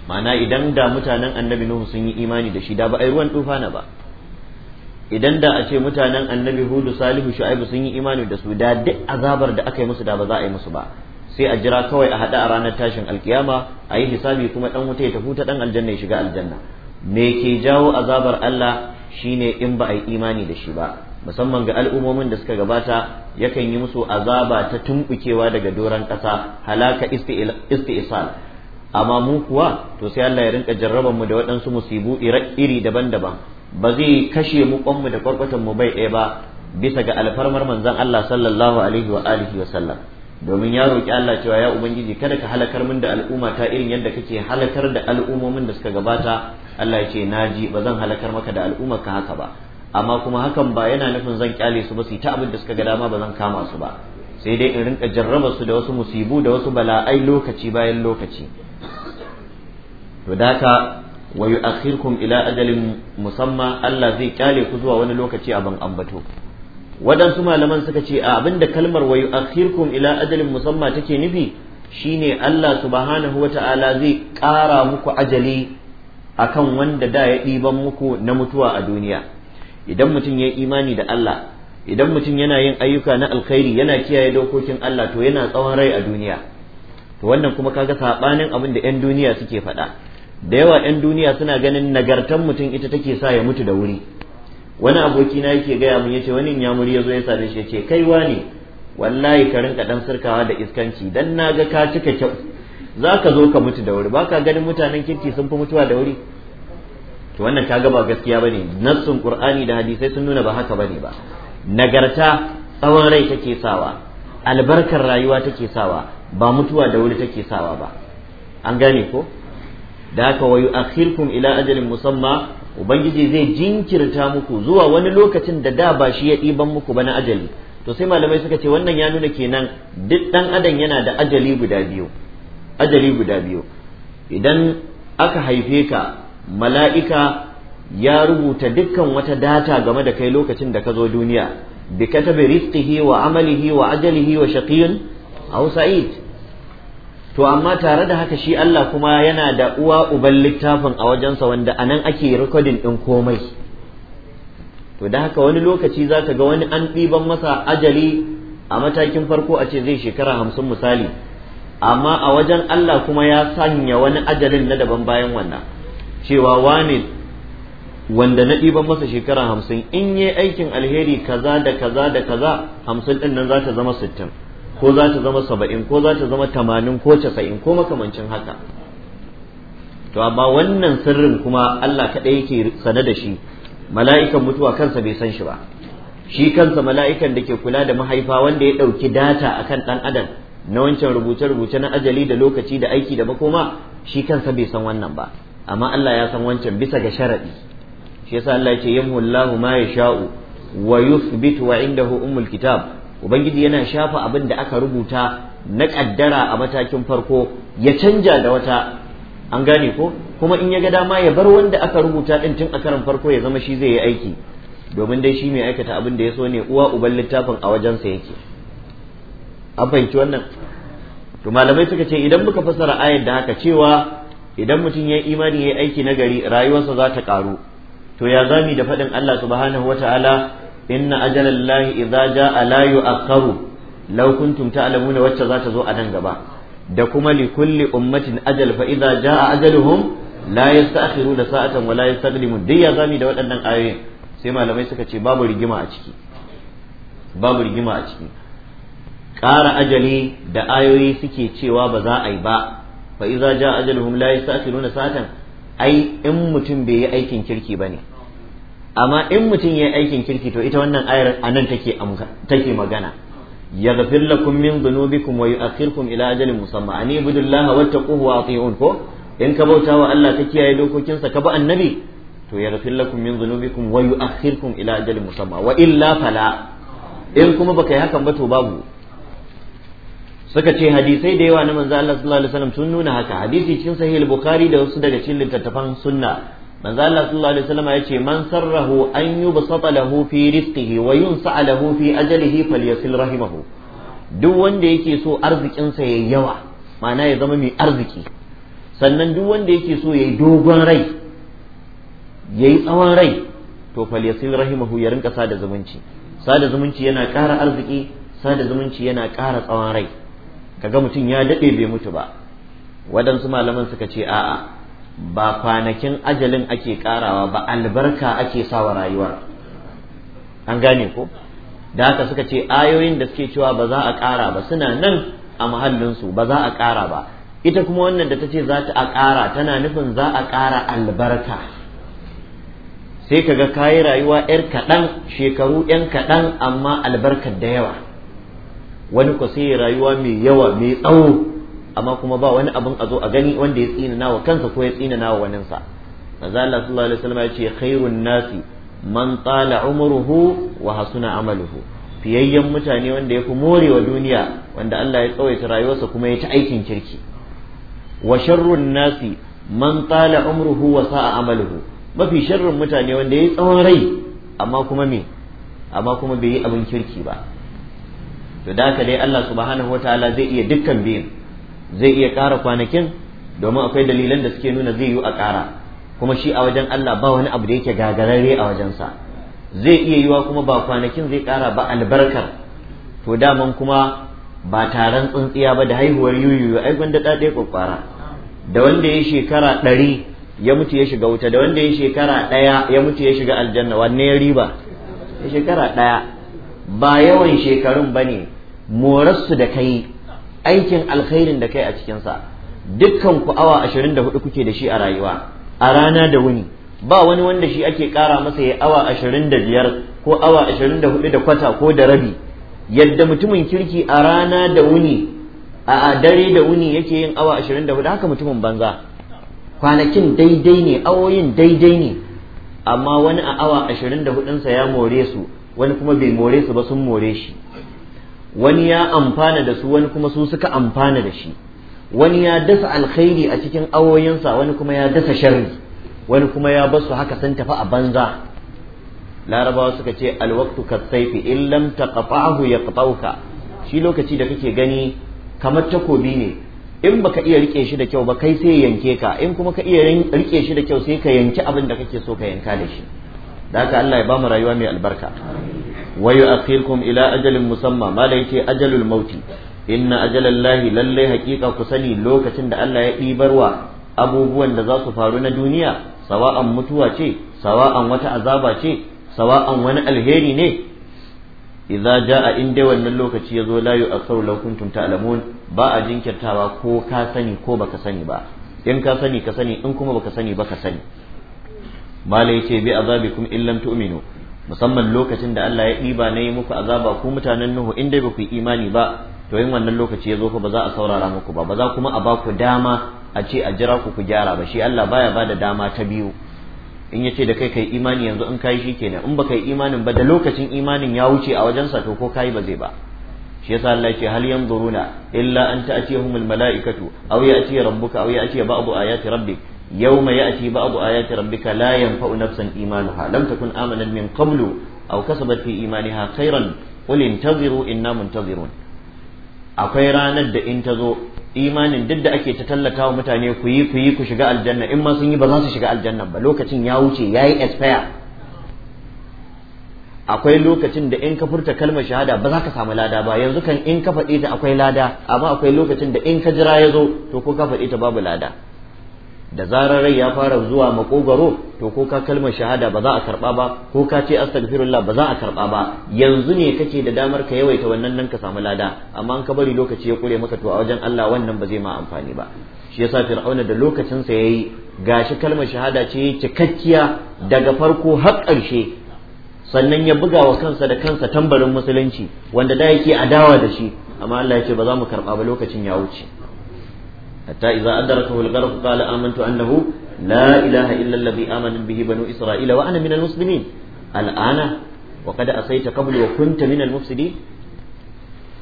mana idan da mutanen annabi nuhu sun yi imani da shi da ba ai ruwan tufa ba idan da a ce mutanen annabi hudu salihu shu'aibu sun yi imani da su da duk azabar da aka yi musu da ba za a yi musu ba sai a jira kawai a haɗe a ranar tashin alkiyama a yi hisabi kuma ɗan wuta ya tafi ta ɗan aljanna ya shiga aljanna me ke jawo azabar Allah shine in ba a yi imani da shi ba musamman ga al'ummomin da suka gabata yakan yi musu azaba ta tumbukewa daga doron ƙasa halaka isti'sal amma mu kuwa to sai Allah ya rinka jarrabar mu da waɗansu musibu iri daban-daban ba zai kashe mu kwanmu da kwarkwatan mu bai ɗaya ba bisa ga alfarmar manzon Allah sallallahu alaihi wa alihi wa sallam domin ya roki Allah cewa ya ubangiji kada ka halakar min da al'umma ta irin yadda kake halakar da al'ummomin da suka gabata Allah ya ce naji ba zan halakar maka da al'umma ka haka ba amma kuma hakan ba yana nufin zan kyale su ba su ta abin da suka ga dama ba zan kama su ba sai dai in rinka jarraba su da wasu musibu da wasu bala'ai lokaci bayan lokaci to daka wa yu'akhirkum ila ajalin musamma Allah zai kyale ku zuwa wani lokaci a ban ambato waɗansu malaman suka ce a abinda kalmar wa yu'akhirkum ila ajalin musamma take nufi shine Allah subhanahu wata'ala zai ƙara muku ajali akan wanda da ya ɗiban muku na mutuwa a duniya idan mutum ya imani da Allah idan mutum yana yin ayyuka na alkhairi yana kiyaye dokokin Allah to yana tsawon rai a duniya to wannan kuma kaga sabanin abin da 'yan duniya suke faɗa da yawa 'yan duniya suna ganin nagartan mutum ita take sa ya mutu da wuri wani aboki na yake gaya mun yace wani yamuri ya yazo ya same shi yace kai wani wallahi ka rinka dan sirkawa da iskanci dan naga ka cika kyau zaka zo ka mutu da wuri baka ganin mutanen kirki sun fi mutuwa da wuri to wannan kaga ba gaskiya bane nassun qur'ani da hadisai sun nuna ba haka bane ba nagarta tsawon rai take sawa albarkar rayuwa take sawa ba mutuwa da wuri take sawa ba an gane ko da haka wayu akhirkum ila ajalin musamma ubangiji zai jinkirta muku zuwa wani lokacin da da ba shi ya ɗiban muku ba na ajali to sai malamai suka ce wannan ya nuna kenan duk ɗan adam yana da ajali guda biyu ajali guda biyu idan aka haife ka mala'ika ya rubuta dukkan wata data game da kai lokacin da ka zo duniya bi katabi rizqihi wa amalihi wa ajalihi wa shaqiyyun aw sa'id to amma tare da haka shi Allah kuma yana da uwa uban littafin a wajensa wanda a nan ake rikodin ɗin komai to da haka wani lokaci za ka ga wani an ɗiban masa ajali a matakin farko a ce zai shekara hamsin misali amma a wajen Allah kuma ya sanya wani ajalin na daban bayan wannan cewa wani wanda na ɗiban masa shekara hamsin in yi aikin alheri kaza da kaza da kaza hamsin ɗin nan za ta zama sittin ko za ta zama saba'in ko za ta zama tamanin ko casa'in ko makamancin haka to amma wannan sirrin kuma Allah kaɗai yake sane da shi mala'ikan mutuwa kansa bai san shi ba shi kansa mala'ikan da ke kula da mahaifa wanda ya ɗauki data akan ɗan adam na wancan rubuce-rubuce na ajali da lokaci da aiki da makoma shi kansa bai san wannan ba amma Allah ya san wancan bisa ga sharaɗi shi yasa Allah ya ce yamhu Allahu ma yasha'u wa yuthbitu wa indahu ummul kitab ubangiji yana shafa abin da aka rubuta na kaddara a matakin farko ya canja da wata an gane ko kuma in ya ga dama ya bar wanda aka rubuta ɗin tun a karan farko ya zama shi zai yi aiki domin dai shi mai aikata abin da ya so ne uwa uban littafin a wajensa yake an fahimci wannan to malamai suka ce idan muka fassara ayar da haka cewa idan mutum ya yi imani ya yi aiki na gari rayuwarsa za ta karu to ya zami da faɗin Allah subhanahu ta'ala. inna ajalallahi idza jaa la yu'akhkharu law kuntum ta'lamuna wacce za ta zo a nan gaba da kuma li kulli ummatin ajal fa idza jaa ajaluhum la yasta'khiruna sa'atan wa la yastaqdimun dai ya zami da waɗannan ayoyin sai malamai suka ce babu rigima a ciki babu rigima a ciki ƙara ajali da ayoyi suke cewa ba za a yi ba fa idza jaa ajaluhum la yasta'khiruna sa'atan ai in mutum bai yi aikin kirki ba ne. amma in mutum ya aikin kirki to ita wannan ayar a nan take magana ya yaghfir lakum min dhunubikum wa yu'akhirkum ila ajalin musamma ani ibudullaha wattaquhu wa ati'un ko in ka bauta wa Allah ka kiyaye dokokinsa ka bi annabi to ya yaghfir lakum min dhunubikum wa yu'akhirkum ila ajalin musamma wa illa fala in kuma baka yi hakan ba to babu suka ce hadisai da yawa na manzo Allah sallallahu alaihi wasallam sun nuna haka hadisi cikin sahih al-bukhari da wasu daga cikin littattafan sunna manzo Allah sallallahu alaihi wasallam ya ce man sarrahu an yubsata lahu fi rizqihi wa yunsa'a lahu fi ajalihi falyasil rahimahu duk wanda yake so arzikinsa yayi yawa ma'ana ya zama mai arziki sannan duk wanda yake so yayi dogon rai yayi tsawon rai to falyasil rahimahu ya rinka sada zumunci sada zumunci yana ƙara arziki sada zumunci yana ƙara tsawon rai kaga mutum ya daɗe bai mutu ba wadansu malaman suka ce a'a ba kwanakin ajalin ake karawa ba albarka ake sawa rayuwar an gane ko da haka suka ce ayoyin da suke cewa ba za a kara ba suna nan a mahallinsu ba za a kara ba ita kuma wannan da ta ce za ta a kara tana nufin za a kara albarka sai ka ga kayi rayuwa 'yar kaɗan shekaru 'yan kaɗan amma albarkar da yawa wani ku sai rayuwa mai yawa mai tsawo amma kuma ba wani abin a zo a gani wanda ya tsina nawa kansa ko ya tsina nawa waninsa manzo Allah sallallahu alaihi wasallam ya ce khairun nasi man tsala umruhu wa hasuna amaluhu fiyayyen mutane wanda ya fi morewa duniya wanda Allah ya tsawaita rayuwarsa kuma ya ci aikin kirki wa sharrun nasi man tsala umruhu wa sa'a amaluhu mafi sharrin mutane wanda ya tsawon rai amma kuma me amma kuma bai yi abin kirki ba to da haka dai Allah subhanahu wataala zai iya dukkan biyun zai iya ƙara kwanakin domin akwai dalilan da suke nuna zai yi a ƙara kuma shi a wajen Allah ba wani abu da yake gagararre a wajensa zai iya yiwa kuma ba kwanakin zai ƙara ba albarkar to daman kuma ba taron tsintsiya ba da haihuwar yuyu ai gwanda da ɗaya kwakwara da wanda ya shekara ɗari ya mutu ya shiga wuta da wanda ya shekara ɗaya ya mutu ya shiga aljanna wanne ya riba ya shekara ɗaya ba yawan shekarun ba ne morarsu da kai aikin alkhairin da kai a cikinsa dukkan ku awa 24 kuke da shi a rayuwa a rana da wuni ba wani wanda shi ake kara masa ya awa 25 ko awa 24 da kwata ko da rabi yadda mutumin kirki a rana da wuni a dare da wuni yake yin awa 24 haka mutumin banza kwanakin daidai ne awoyin daidai ne amma wani a awa 24 sa ya more su wani kuma bai more su ba sun more shi wani ya amfana da su wani kuma su suka amfana da shi wani ya dasa alkhairi a cikin awoyinsa wani kuma ya dasa sharri wani kuma ya basu haka sun tafi a banza larabawa suka ce alwaktu saifi in lam ya yaqta'uka shi lokaci da kake gani kamar takobi ne in baka iya rike shi da kyau ba kai sai yanke ka in kuma ka iya rike shi da kyau sai ka yanke abin da kake so ka yanka da shi da haka Allah ya bamu rayuwa mai albarka wa yu'akhirukum ila ajalin musamma mala yake ajalul mauti inna ajalallahi lalle haqiqa ku sani lokacin da Allah ya ɗibarwa abubuwan da za su faru na duniya sawa'an mutuwa ce sawa'an wata azaba ce sawa'an wani alheri ne idza jaa in wannan lokaci ya zo la yu'akhiru law kuntum ta'lamun ba a jinkirtawa ko ka sani ko baka sani ba in ka sani ka sani in kuma baka sani baka sani mala yace bi azabikum illam tu'minu musamman lokacin da Allah ya ɗiba na yi muku azaba ku mutanen Nuhu in dai ba ku yi imani ba to yin wannan lokaci ya zo fa ba za a saurara muku ba ba za kuma a ba ku dama a ce a jira ku ku gyara ba shi Allah baya ba da dama ta biyu in yace da kai kai imani yanzu in kai kenan in baka yi imanin ba da lokacin imanin ya wuce a sa to ko kai ba zai ba shi yasa Allah yake hal yanzuruna illa an humul malaikatu aw ya'ti rabbuka aw ya'ti ba'du ayati rabbik يوم يأتي بعض آيات ربك لا ينفع نفسا إيمانها لم تكن آمنا من قبل أو كسبت في إيمانها خيرا قل انتظروا إنا منتظرون akwai ranar da in ta zo imanin duk da ake ta tallata wa mutane ku yi ku yi ku shiga aljanna in ma sun yi ba za su shiga aljanna ba lokacin ya wuce ya yi expire akwai lokacin da in ka furta kalmar shahada ba za ka samu lada ba yanzu kan in ka faɗi ta akwai lada amma akwai lokacin da in ka jira ya zo to ko ka faɗi ta babu lada da zarar rai ya fara zuwa makogaro to ko ka kalmar shahada ba za a karba ba ko ka ce astaghfirullah ba za a karba ba yanzu ne kake da damar ka yawaita wannan nan ka samu lada amma an ka bari lokaci ya kure maka to a wajen Allah wannan ba zai ma amfani ba shi yasa fir'auna da lokacin sa yayi gashi kalmar shahada ce cikakkiya daga farko har ƙarshe sannan ya buga wa kansa da kansa tambarin musulunci wanda da yake adawa da shi amma Allah ya ce ba za mu karba ba lokacin ya wuce hatta idza adrakahu al-gharq qala amantu annahu la ilaha illa alladhi amana bihi banu isra'ila wa ana al'ana wa qad asayta qablu wa kunta min al-mufsidin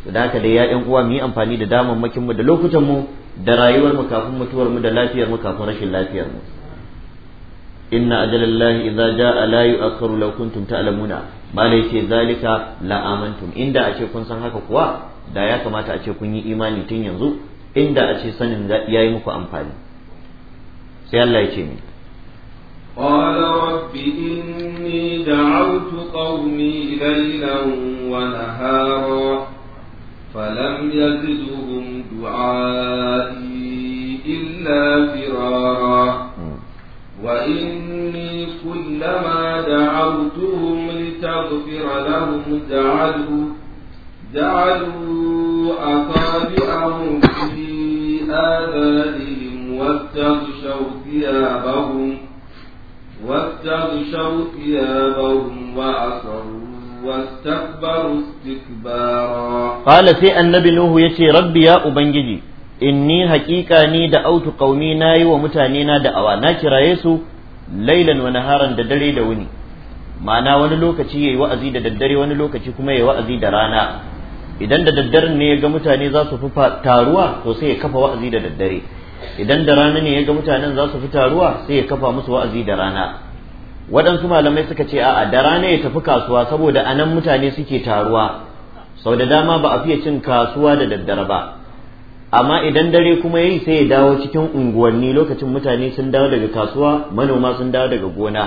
da haka dai ya ƴan uwa mu yi amfani da damammakin mu da lokutan mu da rayuwar mu kafin mutuwar da lafiyar kafin rashin lafiyar mu inna ajalallahi idza jaa la yu'akhkharu law kuntum ta'lamuna mala yace zalika la amantum inda a ce kun san haka kuwa da ya kamata a ce kun yi imani tun yanzu inda a ce sanin ya yi muku amfani sai Allah ya ce ni قال رب إني دعوت قومي ليلا ونهارا فلم يزدهم دعائي إلا فرارا وإني كلما دعوتهم لتغفر لهم جعلوا جعلوا أصابعهم في آذانهم واستغشوا ثيابهم واستغشوا ثيابهم وأصروا واستكبروا استكبارا قال سي النبي نوح يتي ربي يا أبنجي inni haƙiƙa ni da autu ƙaumi na yi wa mutane na da'awa na kiraye su lailan wani haron da dare da wuni ma'ana wani lokaci ya yi wa'azi da daddare wani lokaci kuma ya yi wa'azi da rana idan da daddaren ne ya ga mutane za su fi taruwa to sai ya kafa wa'azi da daddare idan da rana ne ya ga mutanen za su fi taruwa sai ya kafa musu wa'azi da rana waɗansu malamai suka ce a'a da rana ya tafi kasuwa saboda anan mutane suke taruwa sau da dama ba a fiye cin kasuwa da daddare ba amma idan dare kuma yayi sai ya dawo cikin unguwanni lokacin mutane sun dawo daga kasuwa manoma sun dawo daga gona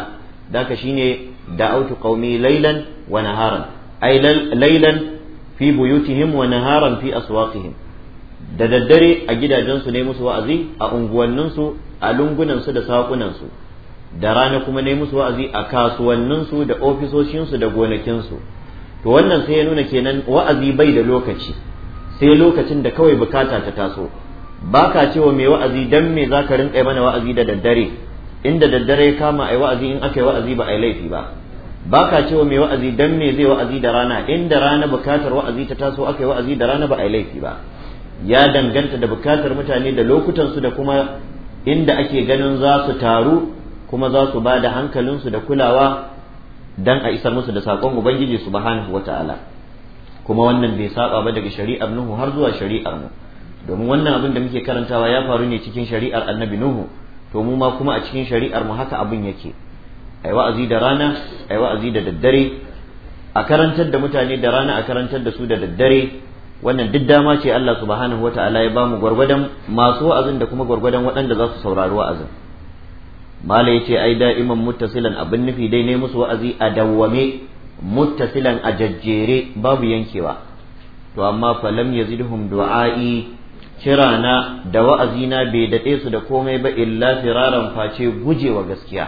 daka shine da'autu qaumi laylan wa naharan ai laylan fi buyutihim wa naharan fi aswaqihim da daddare a gidajensu ne musu wa'azi a unguwanninsu a lungunansu da saƙunansu da rana kuma ne musu wa'azi a kasuwanninsu da ofisoshinsu da gonakinsu to wannan sai ya nuna kenan wa'azi bai da lokaci sai lokacin da kawai bukata ta taso ba ka cewa mai wa'azi dan me za ka rinƙa mana wa'azi da daddare inda daddare ya kama a wa'azi in aka yi wa'azi ba a yi laifi ba baka ka cewa mai wa'azi dan me zai wa'azi da rana inda rana bukatar wa'azi ta taso aka yi wa'azi da rana ba a yi laifi ba ya danganta da bukatar mutane da lokutansu da kuma inda ake ganin za su taru kuma za su ba da hankalinsu da kulawa dan a isar musu da saƙon ubangiji subhanahu wataala kuma wannan bai saba ba daga shari'ar nuhu har zuwa shari'ar mu domin wannan abin da muke karantawa ya faru ne cikin shari'ar annabi nuhu to mu ma kuma a cikin shari'ar mu haka abin yake ai wa'azi da rana ai wa'azi da daddare a karantar da mutane da rana a karantar da su da daddare wannan duk dama ce Allah subhanahu wata'ala ya bamu gwargwadon masu wa'azin da kuma gwargwadon waɗanda za su saurari wa'azin mala ce ai da'iman muttasilan abin nufi dai ne musu wa'azi a dawwame muttasilan a jajjere babu yankewa to amma falam yazidhum du'a'i kirana da wa'azina bai daɗe su da komai ba illa firaran face gujewa gaskiya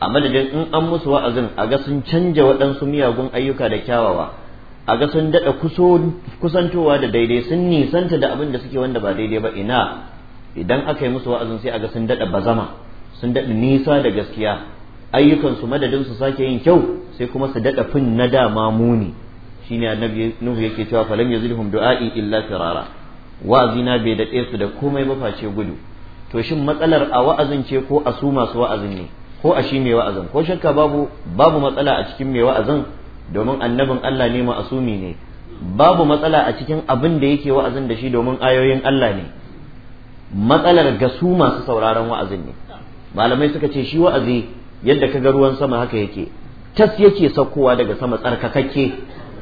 a madadin in an musu wa'azin a ga sun canja waɗansu miyagun ayyuka da kyawawa a ga sun daɗa kusantowa da daidai sun nisanta da abin da suke wanda ba daidai ba ina idan aka yi musu wa'azin sai a ga sun daɗa bazama sun daɗa nisa da gaskiya ayyukansu madadin su sake yin kyau sai kuma su daɗa fin na dama muni shine annabi nuhu yake cewa falam yazilhum du'a'i illa firara na bai daɗe su da komai ba gudu to shin matsalar a wa'azin ce ko a su masu wa'azin ne ko a shi mai wa'azin ko shakka babu babu matsala a cikin mai wa'azin domin annabin Allah ne ma'asumi ne babu matsala a cikin abin da yake wa'azin da shi domin ayoyin Allah ne matsalar gasu masu sauraron wa'azin ne malamai suka ce shi wa'azi yadda ka ga ruwan sama haka yake tas yake saukowa daga sama tsarkakakke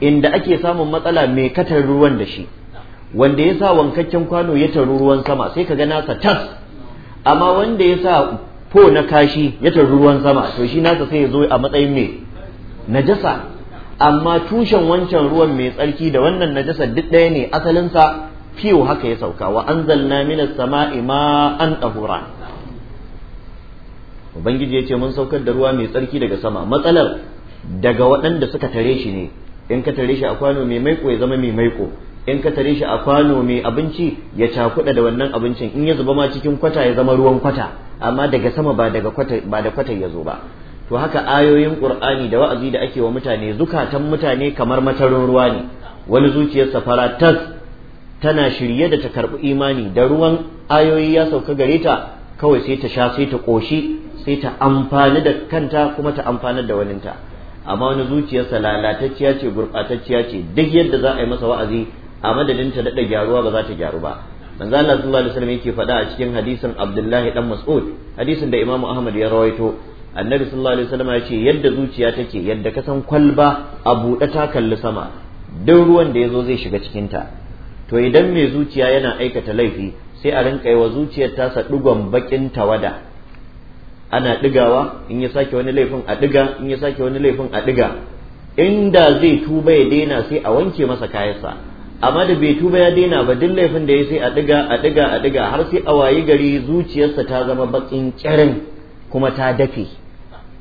inda ake samun matsala mai katar ruwan da shi wanda ya sa wankakken kwano ya taru ruwan sama sai ka ga nasa tas amma wanda ya sa fo na kashi ya taru ruwan sama to shi nasa sai ya zo a matsayin mai najasa amma tushen wancan ruwan mai tsarki da wannan najasa duk ɗaya ne asalinsa fiyo haka ya sauka wa anzalna minas sama'i an tahura ubangiji ya ce mun saukar da ruwa mai tsarki daga sama matsalar daga waɗanda suka tare shi ne in ka tare shi a kwano mai maiko ya zama mai maiko in ka tare shi a kwano mai abinci ya cakuɗa da wannan abincin in ya zuba ma cikin kwata ya zama ruwan kwata amma daga sama ba daga kwata ba da kwata ya zo ba to haka ayoyin qur'ani da wa'azi da ake wa mutane zukatan mutane kamar matarin ruwa ne wani zuciyar fara tas tana shirye da ta karbi imani da ruwan ayoyi ya sauka gare ta kawai sai ta sha sai ta koshi sai ta amfani da kanta kuma ta amfanar da waninta amma wani zuciyarsa lalatacciya ce gurɓatacciya ce duk yadda za a yi masa wa'azi a madadin ta daɗa gyaruwa ba za ta gyaru ba manzo Allah sallallahu alaihi wasallam yake faɗa a cikin hadisin Abdullahi dan Mas'ud hadisin da Imam Ahmad ya rawaito annabi sallallahu alaihi wasallam ya ce yadda zuciya take yadda ka san kwalba a buɗe ta kalli sama duk ruwan da yazo zai shiga cikin ta to idan mai zuciya yana aikata laifi sai a rinka wa zuciyar tasa digon bakin tawada ana digawa in ya sake wani laifin a diga in ya sake wani laifin a diga inda zai tuba ya daina sai a wanke masa kayansa amma da bai tuba ya daina ba duk laifin da ya sai a diga a diga a diga har sai a wayi gari zuciyarsa ta zama bakin kirin kuma ta dafe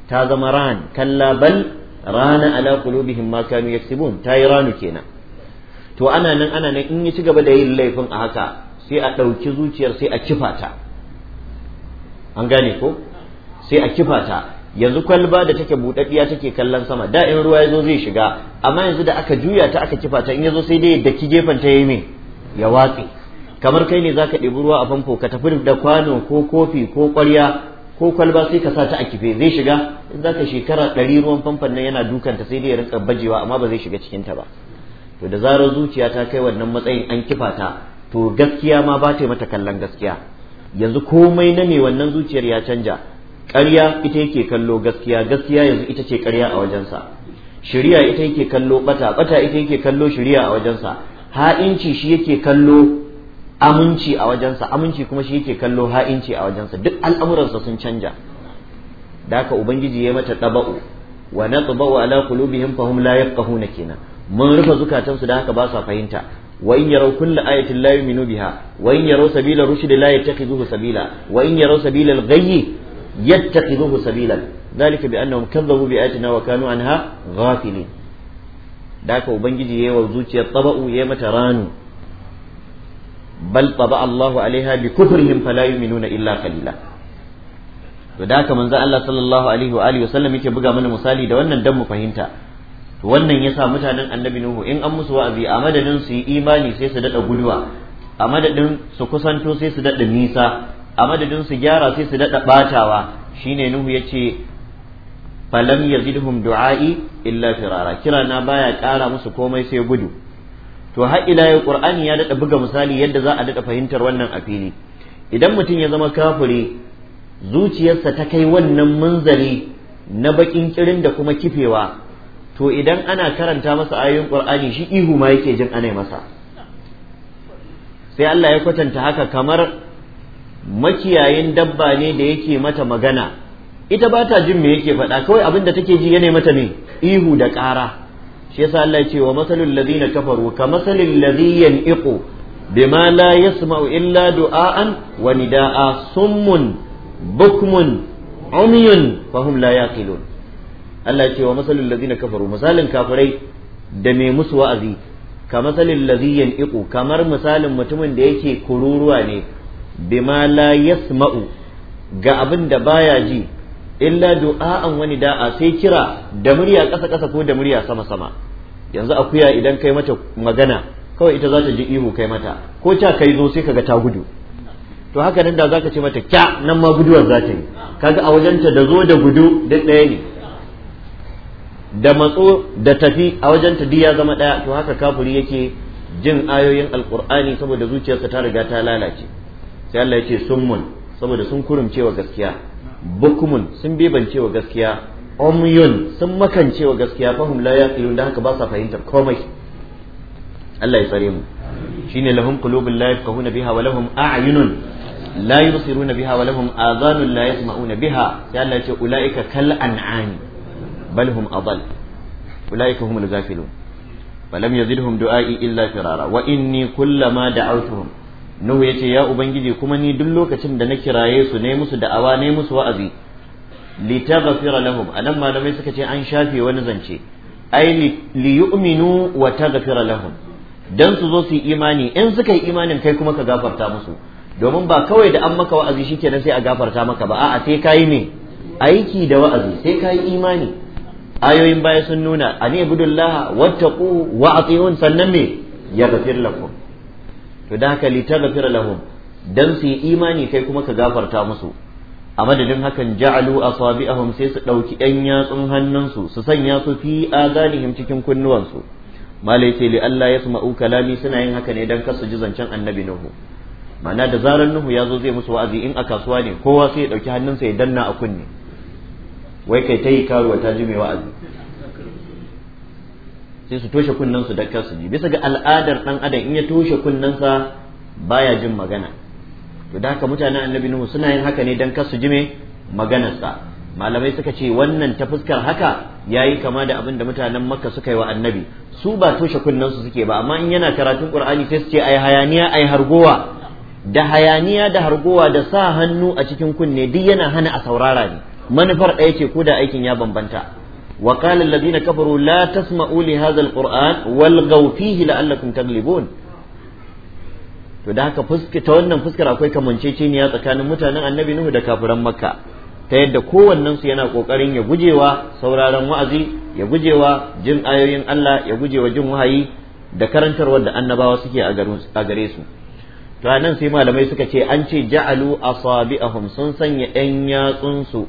ta zama ran kalla bal rana ala qulubihim ma kanu yaksibun ta yi ranu kenan to ana nan ana nan in ya ci gaba da yin laifin a haka sai a ɗauki zuciyar sai a kifata. an gane ko sai a kifa yanzu kwalba da take buɗaɗɗiya take kallon sama da in ruwa ya zo zai shiga amma yanzu da aka juya ta aka kifa ta in ya zo sai dai da ki gefen ta yi me ya watse kamar kai ne zaka ɗebi ruwa a famfo ka tafi da kwano ko kofi ko ƙwarya ko kwalba sai ka sa ta a kife zai shiga in zaka shekara ɗari ruwan famfon nan yana dukanta sai dai ya rinka bajewa amma ba zai shiga cikin ta ba to da zarar zuciya ta kai wannan matsayin an kifa ta to gaskiya ma ba ta mata kallon gaskiya yanzu komai na ne wannan zuciyar ya canja ƙarya ita yake kallo gaskiya gaskiya yanzu ita ce ƙarya a wajensa shari'a ita yake kallo bata bata ita yake kallo shari'a a wajensa ha'inci shi yake kallo aminci a wajensa aminci kuma shi yake kallo ha'inci a wajensa duk al'amuransa sun canja da haka ubangiji ya mata taba'u wa natba'u ala qulubihim hum la yafqahuna kenan mun rufe zukatansu da haka ba sa fahimta wa in yaraw kulla ayatin la yu'minu biha wa in yaraw sabila rushdi la yattakhidhuhu sabila wa in yaraw sabila al Yadda yattakhidhuhu sabilan zalika bi annahum kadzabu bi ayatina wa kanu anha ghafilin da haka ubangiji yayi wa zuciyar taba'u yayi mata ranu bal taba Allahu alaiha bi kufrihim fala yu'minuna illa qalila to da haka manzo sallallahu alaihi wa alihi wasallam yake buga mana misali da wannan dan mu fahimta to wannan yasa mutanen annabi nuhu in an musu wa'azi a madadin su yi imani sai su daɗa guduwa a madadin su kusanto sai su daɗa nisa a madadin su gyara sai su daɗa ɓatawa shine nuhu ya ce falam yazidhum du'a'i illa firara kira na baya ƙara musu komai sai gudu to har ila yau qur'ani ya daɗa buga misali yadda za a daɗa fahimtar wannan a fili idan mutum ya zama kafiri zuciyarsa ta kai wannan munzali na bakin kirin da kuma kifewa to idan ana karanta masa ayoyin qur'ani shi ihu ma yake jin ana masa sai Allah ya kwatanta haka kamar makiyayin dabba ne da yake mata magana ita ba ta jin me yake faɗa kawai abin da take ji yana mata ne ihu da ƙara shi yasa Allah ce wa masalul ladina kafaru ka masalil ladhi yanqu bima la yasma'u illa du'aan wa nida'a summun bukmun umyun fahum la yaqilun Allah ce wa masalul ladina kafaru misalin kafirai da me musu wa'azi ka masalil ladhi yanqu kamar misalin mutumin da yake kururuwa ne bima la yasma'u ga abin da baya ji illa du'a'an wani da'a sai kira da murya ƙasa ƙasa ko da murya sama sama yanzu akuya idan kai mata magana kawai ita za ta ji ihu kai mata ko ta kai zo sai kaga ta gudu to haka nan da za ka ce mata kya nan ma guduwar za ta yi kaga a wajenta da zo da gudu duk ɗaya ne da matso da tafi a wajenta duk ya zama ɗaya to haka kafuri yake jin ayoyin alkur'ani saboda zuciyarsa ta riga ta lalace sai Allah ya summun saboda sun kurumce wa gaskiya bukumun sun bibancewa gaskiya umyun sun makancewa wa gaskiya fahum la yaqilun da haka ba sa fahimtar komai Allah ya tsare mu shine lahum qulubun la yafqahuna biha wa lahum a'yunun لا يبصرون بها ولهم آذان لا يسمعون بها قال أولئك كالأنعام بل هم أضل أولئك هم الغافلون فلم يزدهم دعائي إلا فرارا وإني كلما دعوتهم Nuhu ya ce ya Ubangiji kuma ni duk lokacin da na kiraye su ne musu da'awa ne musu wa'azi litaghfira lahum nan malamai suka ce an shafe wani zance ai li yu'minu wa fira lahum dan su zo su yi imani in suka yi imanin kai kuma ka gafarta musu domin ba kawai da an maka wa'azi shi ke sai a gafarta maka ba a'a sai kai ne aiki da wa'azi sai yi imani ayoyin baya sun nuna ani budullah ku wa atiun sannan me ya gafir lakum to da haka litaghfira lahum dan su imani kai kuma ka gafarta musu a madadin hakan ja'alu asabi'ahum sai su dauki yan yatsun hannunsu su sanya su fi azanihim cikin kunnuwansu malai ce li Allah ya sama'u kalami suna yin haka ne dan kar su ji zancen annabi nuhu Mana da zaran nuhu ya zo zai musu wa'azi in a kasuwa ne kowa sai ya dauki hannunsa ya danna a kunne wai kai ta yi karuwa ta ji mai wa'azi sai su toshe kunnen su dakka su ji bisa ga al'adar dan adam in ya toshe kunnen sa baya jin magana to da haka mutanen annabi nuhu suna yin haka ne dan kar su ji me maganar malamai suka ce wannan ta fuskar haka yayi kama da abin da mutanen makka suka yi wa annabi su ba toshe kunnen su suke ba amma in yana karatun qur'ani sai su ce ai hayaniya ai hargowa da hayaniya da hargowa da sa hannu a cikin kunne duk yana hana a saurara ne manufar ɗaya ce ko da aikin ya bambanta وقال الذين كفروا لا تسمعوا لهذا القرآن والغوا فيه لعلكم تغلبون to da haka fuska ta wannan fuskar akwai kamanceceniya tsakanin mutanen annabi nuhu da kafiran makka ta yadda kowannen su yana kokarin ya gujewa sauraron wa'azi ya gujewa jin ayoyin Allah ya gujewa jin wahayi da karantarwar da annabawa suke a gare su to anan sai malamai suka ce an ce ja'alu asabi'ahum sun sanya yan yatsunsu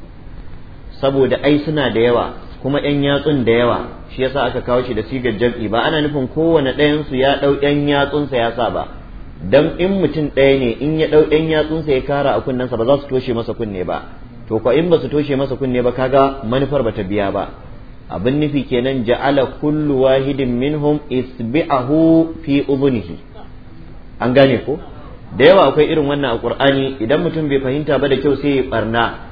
saboda ai suna da yawa kuma yan yatsun da yawa shi yasa aka kawo shi da sigar jam'i ba ana nufin kowane ɗayan su ya ɗau ƴan yatsunsa ya sa ba dan in mutum ɗaya ne in ya ɗau yan yatsunsa ya kara a kunnensa ba za su toshe masa kunne ba to ko in ba su toshe masa kunne ba kaga manufar bata biya ba abin nufi kenan ja'ala kullu wahidin minhum isbi'ahu fi udhunihi an gane ko da yawa akwai irin wannan a qur'ani idan mutum bai fahimta ba da kyau sai ya barna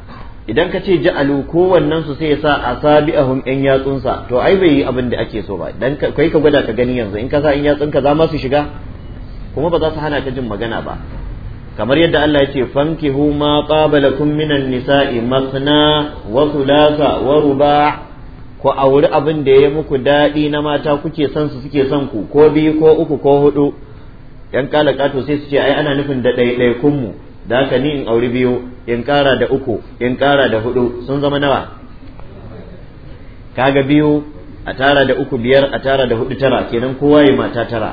idan ka ce ja'alu kowannen su sai sabi sa asabi'ahum yan yatsunsa to ai bai yi abin da ake so ba dan kai ka gwada ka gani yanzu in ka sa in yatsunka za ma su shiga kuma ba za su hana ka jin magana ba kamar yadda Allah ya ce fankihu ma qabalakum minan nisa'i masna wa thulatha wa ruba' ku auri abin da ya muku daɗi na mata kuke son su suke son ku ko biyu ko uku ko hudu yan kato sai su ce ai ana nufin da ɗaiɗaikun mu da ni in auri biyu in kara da uku in kara da hudu sun zama nawa kaga biyu a tara da uku biyar a tara da hudu tara kenan kowa ya mata tara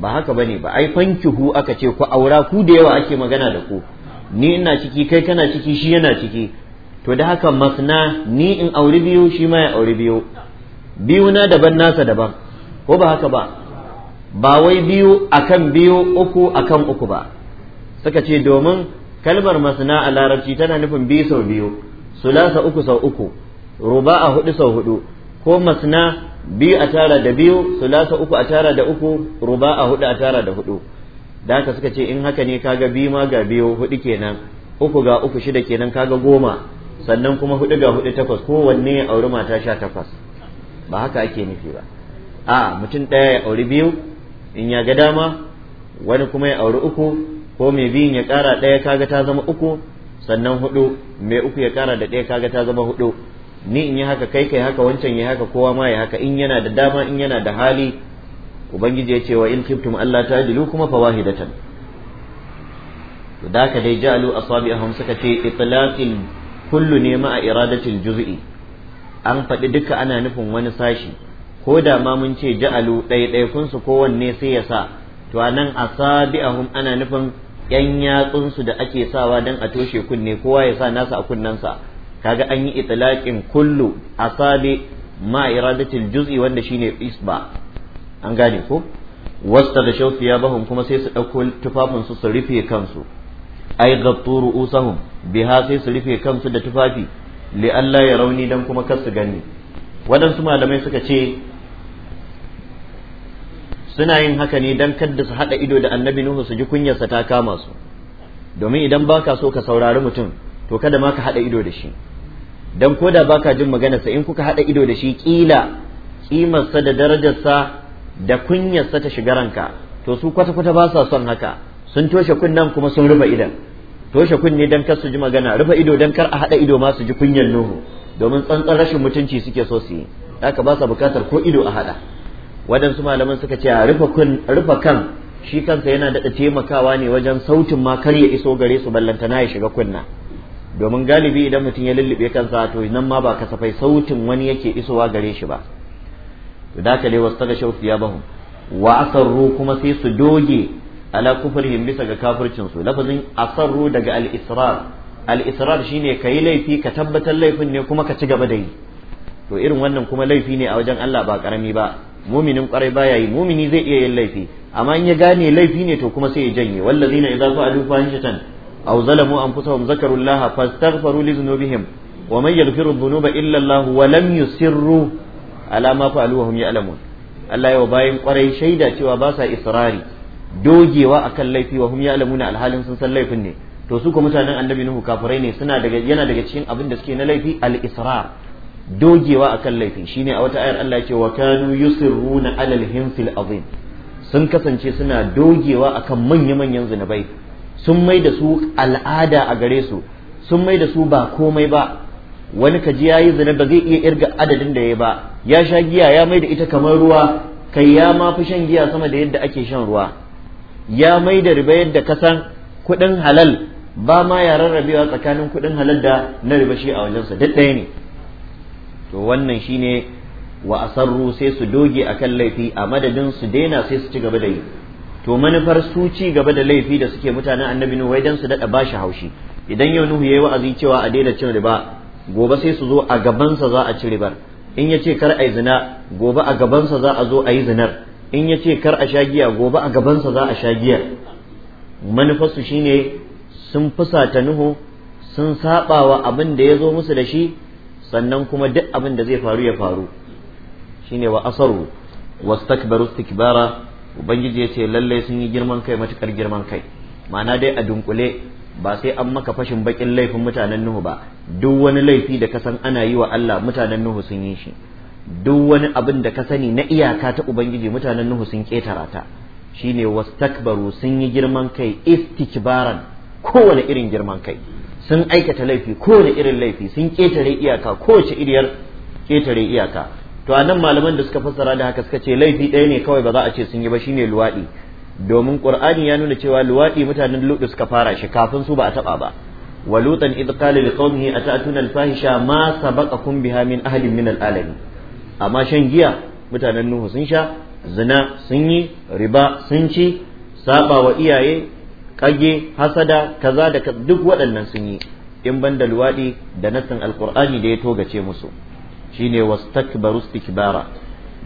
ba haka bane ba ai fankihu aka ce ku aura ku da yawa ake magana da ku ni ina ciki kai kana ciki shi yana ciki to da haka masna ni in auri biyu shi ma ya auri biyu biyu na daban nasa daban ko ba haka ba ba wai biyu akan biyu uku akan uku ba suka ce domin kalmar masana a larabci tana nufin biyu sau biyu sulasa uku sau uku ruba a hudu sau hudu ko masana biyu a tara da biyu sulasa uku a tara da uku ruba a hudu a tara da hudu da haka suka ce in haka ne kaga biyu ma ga biyu hudu kenan uku ga uku shida kenan kaga goma sannan kuma hudu ga hudu takwas ko wanne ya auri mata sha takwas ba haka ake nufi ba a mutum ɗaya ya auri biyu in ya ga dama wani kuma ya auri uku ko mai biyun ya kara ɗaya kaga ta zama uku sannan hudu mai uku ya kara da ɗaya kaga ta zama hudu ni in yi haka kai kai haka wancan ya haka kowa ma ya haka in yana da dama in yana da hali ubangiji ya ce wa in kiftum Allah ta dilu kuma fa wahidatan to da ka dai ja'alu asabi'ahum suka ce itlaqin kullu ne ma a iradatil juz'i an faɗi duka ana nufin wani sashi ko da ma mun ce ja'alu ɗaiɗaikun su kowanne sai ya sa to anan asabi'ahum ana nufin yan yatsunsu da ake sawa don a toshe kunne kowa ya sa nasa a kunnensa kaga an yi itlaqin kullu asabi ma iradatil juz'i wanda shine isba an gane ko wasta da shawfi ya bahum kuma sai su ɗauko tufafin su su rufe kansu ai gattu ru'usahum biha sai su rufe kansu da tufafi li Allah ya rauni dan kuma kar su gani waɗansu malamai suka ce suna yin haka ne dan kadda su haɗa ido da annabi nuhu su ji kunyarsa ta kama su domin idan baka so ka saurari mutum to kada ma ka haɗa ido da shi dan koda baka jin maganarsa in kuka haɗa ido da shi kila ƙimarsa da darajarsa da kunyarsa ta shiga ranka to su kwata kwata ba sa son haka sun toshe kunnen kuma sun rufe idan toshe kunne dan kar su ji magana rufe ido dan kar a haɗa ido ma su ji kunyar nuhu domin tsantsan rashin mutunci suke so su yi haka ba sa bukatar ko ido a haɗa. waɗansu malaman suka ce a rufe kan shi kansa yana daɗa taimakawa ne wajen sautin ma kar ya iso gare su ballantana ya shiga kunna domin galibi idan mutum ya lullube kansa to nan ma ba kasafai sautin wani yake isowa gare shi ba to da kale wasu taga shaufi ya bahu wa asarru kuma sai su doge ala kufrihim bisa ga kafircin su lafazin asarru daga al-israr al-israr shine kai laifi ka tabbatar laifin ne kuma ka ci gaba da yi to irin wannan kuma laifi ne a wajen Allah ba karami ba muminin kwarai baya yi mumini zai iya yin laifi amma in ya gane laifi ne to kuma sai ya janye wallazina idza fa'alu fahishatan aw zalamu anfusahum zakarullaha fastaghfiru li dhunubihim wa man yaghfiru dhunuba illa Allah wa lam yusirru ala ma fa'alu wa hum ya'lamun Allah yau bayin kwarai shaida cewa ba sa israri dogewa akan laifi wa hum ya'lamuna alhalin sun san laifin ne to su ko mutanen annabi nuhu kafirai ne suna daga yana daga cikin abin da suke na laifi al-israr dogewa akan laifi shine a wata ayar Allah ke wa kanu yusirruna alal hinfil azim sun kasance suna dogewa akan manya-manyan zunubai sun mai da su al'ada a gare su sun mai da su ba komai ba wani kaji ya yi zina ba zai iya irga adadin da ya ba ya sha giya ya mai da ita kamar ruwa kai ya ma fi shan giya sama da yadda ake shan ruwa ya mai da riba yadda kasan kuɗin halal ba ma ya rarrabewa tsakanin kuɗin halal da na riba shi a wajensa duk ɗaya ne to wannan shine wa asarru sai su doge akan laifi a madadin su daina sai su ci gaba da yi to manufar su ci gaba da laifi da suke mutanen annabi nuhu wai dan su dada bashi haushi idan yau nuhu yayi wa'azi cewa a daina cin riba gobe sai su zo a gabansa za a ci ribar in ya ce kar a zina gobe a gabansa za a zo ayi yi zinar in yace kar a sha giya gobe a gabansa za a sha giyar manufarsu shine sun fusata nuhu sun saba wa abin da ya zo musu da shi sannan kuma duk abin da zai faru ya faru shine wa asaru wastakbaru istikbara ubangiji yace lalle sun yi girman kai matukar girman kai ma'ana dai a dunkule ba sai an maka fashin bakin laifin mutanen Nuhu ba duk wani laifi da ka san ana yi wa Allah mutanen Nuhu sun yi shi duk wani abin da ka sani na iyaka ta ubangiji mutanen Nuhu sun ketara ta shine wastakbaru sun yi girman kai istikbaran kowane irin girman kai sun aikata laifi ko da irin laifi sun ƙetare iyaka ko kowace iriyar ƙetare iyaka to a nan malaman da suka fassara da haka suka ce laifi ɗaya ne kawai ba za a ce sun yi ba shine luwaɗi domin qur'ani ya nuna cewa luwaɗi mutanen lutu suka fara shi kafin su ba a taɓa ba wa lutan idh qala liqaumihi ata'tuna al-fahisha ma sabaqakum biha min ahlin min al-alamin amma shan giya mutanen nuhu sun sha zina sun yi riba sun ci saba wa iyaye kage hasada kaza da duk waɗannan sun yi in ban da luwaɗi da nassin alkur'ani da ya togace musu shine wastakbaru istikbara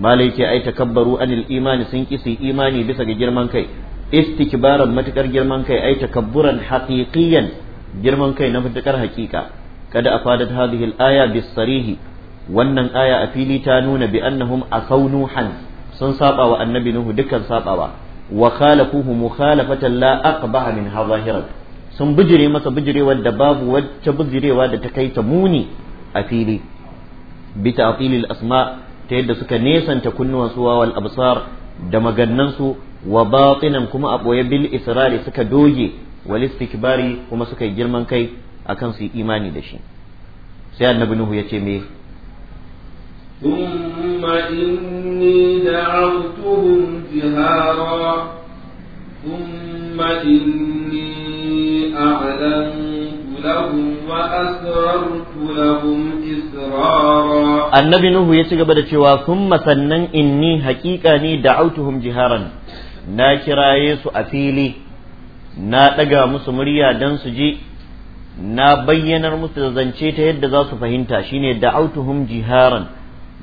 malai ke ai takabbaru anil imani sun kisi imani bisa ga girman kai istikbaran matukar girman kai ai takabburan haqiqiyan girman kai na matukar haqiqa kada afadat hadhihi al-aya bis-sarihi wannan aya a fili ta nuna bi annahum asaw nuhan sun saba wa annabi nuhu dukkan sabawa wa khalafuhu mukhalafatan la aqbaha min zahiran sun bijire masa bijirewar da babu wacce bijirewa da ta kai ta muni a fili bi filil asma ta yadda suka nesanta kunnuwan su wawal absar da magannan su wa batinan kuma a boye bil israri suka doge wal istikbari kuma suka yi girman kai akan su imani da shi sai annabi nuhu ce me ثم إني دعوتهم جهارا ثم إني أعلنت لهم وأسررت لهم إسرارا النبي نوح يتقب دتشوا ثم سنن إني حقيقة ني دعوتهم جهارا ناكرا يسو أفيلي نا ɗaga مسمريا دنس جي na bayyanar musu da zance ta yadda za su fahimta shine da'autuhum jiharan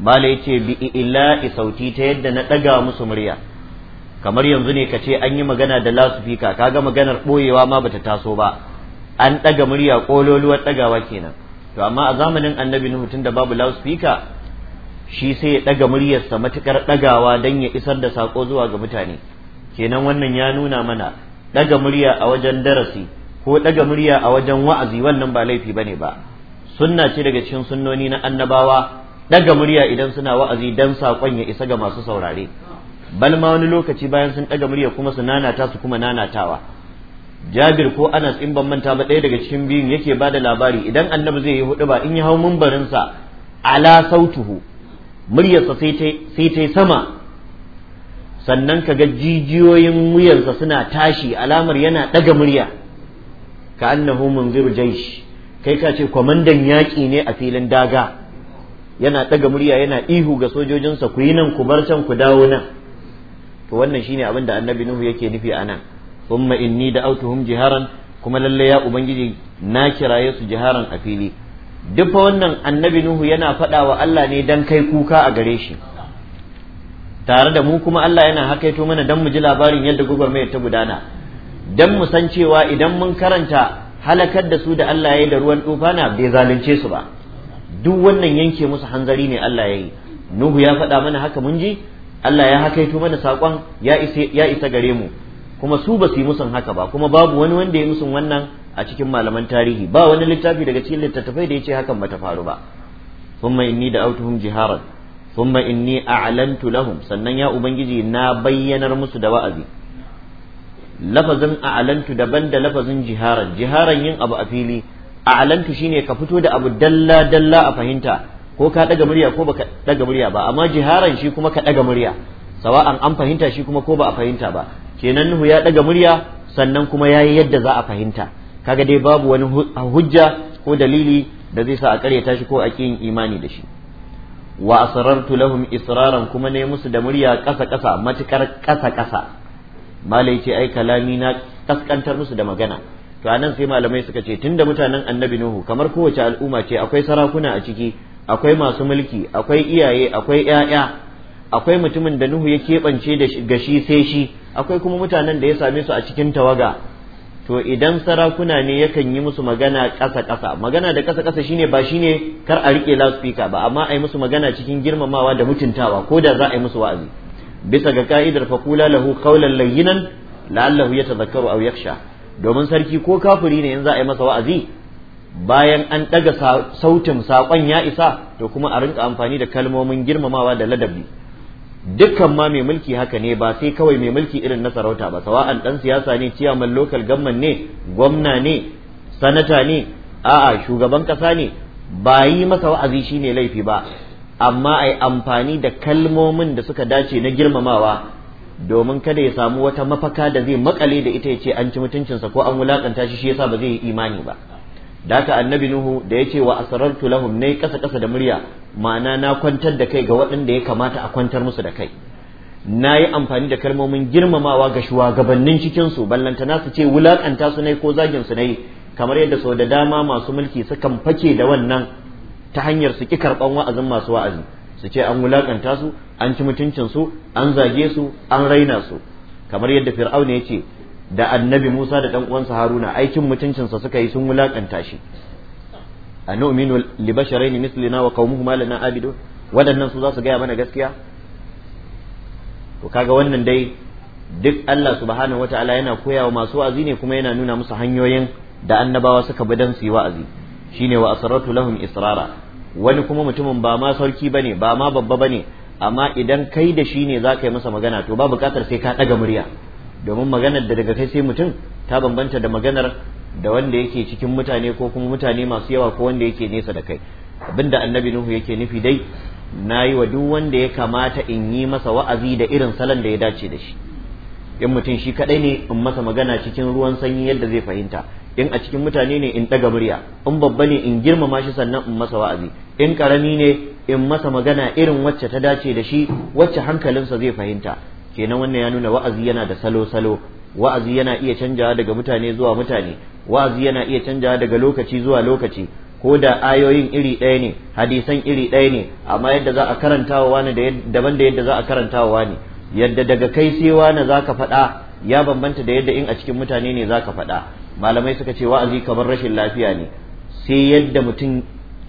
mala yace bi illa sauti ta yadda na ɗaga musu murya kamar yanzu ne kace an yi magana da lasufika kaga maganar ɓoyewa ma bata taso ba an ɗaga murya kololuwar ɗagawa kenan to amma a zamanin annabi nuhu tun da babu lasufika shi sai ya ɗaga muryarsa matuƙar ɗagawa don ya isar da saƙo zuwa ga mutane kenan wannan ya nuna mana ɗaga murya a wajen darasi ko ɗaga murya a wajen wa'azi wannan ba laifi bane ba sunna ce daga cikin sunnoni na annabawa daga murya idan suna wa'azi dan sakon ya isa ga masu saurare bal ma wani lokaci bayan sun daga murya kuma su nanata su kuma nanatawa Jabir ko Anas in ban manta ba ɗaya daga cikin biyun yake da labari idan Annabi zai yi hudu ba in ya hau mumbarin sa ala sautuhu muryarsa sai ta sama sannan ka ga jijiyoyin wuyarsa suna tashi alamar yana ɗaga murya ka annahu munzir jaish kai ka ce kwamandan yaƙi ne a filin daga yana ɗaga murya yana ihu ga sojojinsa ku yi nan ku bar can ku dawo nan to wannan shine abin da annabi nuhu yake nufi a nan thumma inni da'awtuhum jiharan kuma lallai ya ubangiji na kiraye su jiharan a fili duk wannan annabi nuhu yana faɗa wa Allah ne dan kai kuka a gare shi tare da mu kuma Allah yana hakaito mana dan mu ji labarin yadda gwagwarmayar ta gudana dan mu san cewa idan mun karanta halakar da su da Allah ya yi da ruwan tufana bai zalunce su ba duk wannan yanke musu hanzari ne Allah ya yi Nuhu ya faɗa mana haka mun ji Allah ya hakaito mana saƙon ya isa gare mu kuma su ba su yi musun haka ba kuma babu wani wanda ya musun wannan a cikin malaman tarihi ba wani littafi daga cikin littattafai da ya ce hakan bata faru ba thumma inni da'awtuhum jiharan thumma inni a'lantu lahum sannan ya ubangiji na bayyanar musu da wa'azi lafazin a'lantu daban da lafazin jiharan jiharan yin abu a fili a a'lantu shine ka fito da abu dalla dalla a fahimta ko ka daga murya ko baka daga murya ba amma jiharan shi kuma ka daga murya sawa'an an fahimta shi kuma ko ba a fahimta ba kenan nuhu ya daga murya sannan kuma yayi yadda za a fahimta kaga dai babu wani hujja ko dalili da zai sa a ta shi ko a yin imani da shi wa asrartu lahum israran kuma ne musu da murya kasa kasa matukar kasa kasa malai ce ai kalami na kaskantar musu da magana to anan sai malamai suka ce tunda mutanen annabi nuhu kamar kowace al'umma ce akwai sarakuna a ciki akwai masu mulki akwai iyaye akwai 'ya'ya akwai mutumin da nuhu ya keɓance da gashi sai shi akwai kuma mutanen da ya same su a cikin tawaga to idan sarakuna ne yakan yi musu magana ƙasa ƙasa magana da ƙasa ƙasa shine ba shine kar a rike loudspeaker ba amma a yi musu magana cikin girmamawa da mutuntawa ko da za a yi musu wa'azi bisa ga ka'idar faqula lahu qawlan layyinan la'allahu yatadhakkaru aw yakhsha domin sarki ko kafiri ne in za a yi masa wa'azi bayan an ɗaga sautin saƙon ya isa to kuma a rinka amfani da kalmomin girmamawa da ladabi dukkan ma mai mulki haka ne ba sai kawai mai mulki irin na sarauta ba sawa'an ɗan siyasa ne ciyaman lokal gamman ne gwamna ne sanata ne a'a shugaban ƙasa ne ba yi masa wa'azi shine laifi ba amma ai amfani da kalmomin da suka dace na girmamawa domin kada ya samu wata mafaka da zai makale da ita ya ce an ci mutuncinsa ko an wulakanta shi shi yasa ba zai yi imani ba da haka annabi nuhu da ya ce wa asrartu lahum yi kasa kasa da murya ma'ana na kwantar da kai ga waɗanda ya kamata a kwantar musu da kai na yi amfani da kalmomin girmamawa ga shugabannin cikinsu na su ce wulakanta su nai ko zagin su yi kamar yadda sau da dama masu mulki sukan fake da wannan ta hanyar su ƙi karɓan wa'azin masu wa'azi su ce an wulakanta su an ci mutuncin su an zage su an raina su kamar yadda fir'auna ya ce da annabi Musa da dan uwansa Haruna aikin mutuncin sa suka yi sun wulakanta shi anu'minu li basharayn mislina wa lana abidu wadannan su za su gaya mana gaskiya to kaga wannan dai duk Allah subhanahu wataala yana koyawa masu wa'azi ne kuma yana nuna musu hanyoyin da annabawa suka bi dan su yi wa'azi shine wa asrartu lahum israra wani kuma mutumin ba ma sarki ne ba ma babba ba ne amma idan kai da shi ne za ka yi masa magana to ba buƙatar sai ka ɗaga murya domin maganar da daga kai sai mutum ta bambanta da maganar da wanda yake cikin mutane ko kuma mutane masu yawa ko wanda yake nesa da kai abinda annabi nuhu yake nufi dai na yi wa duk wanda ya kamata in yi masa wa'azi da irin salon da ya dace da shi in mutum shi kaɗai ne in masa magana cikin ruwan sanyi yadda zai fahimta in a cikin mutane ne in ɗaga murya in babba ne in girmama shi sannan in masa wa'azi in ƙarami ne in masa magana irin wacce ta dace da shi wacce hankalinsa zai fahimta kenan wannan ya nuna wa'azi yana da salo-salo wa'azi yana iya canjawa daga mutane zuwa mutane wa'azi yana iya canjawa daga lokaci zuwa lokaci ko da ayoyin iri ɗaya ne hadisan iri ɗaya ne amma yadda za a karanta wa wani daban da yadda za a karanta wa wani yadda daga kai sai wani za ka faɗa ya bambanta da yadda in a cikin mutane ne za ka faɗa malamai suka ce wa'azi kamar rashin lafiya ne sai yadda mutum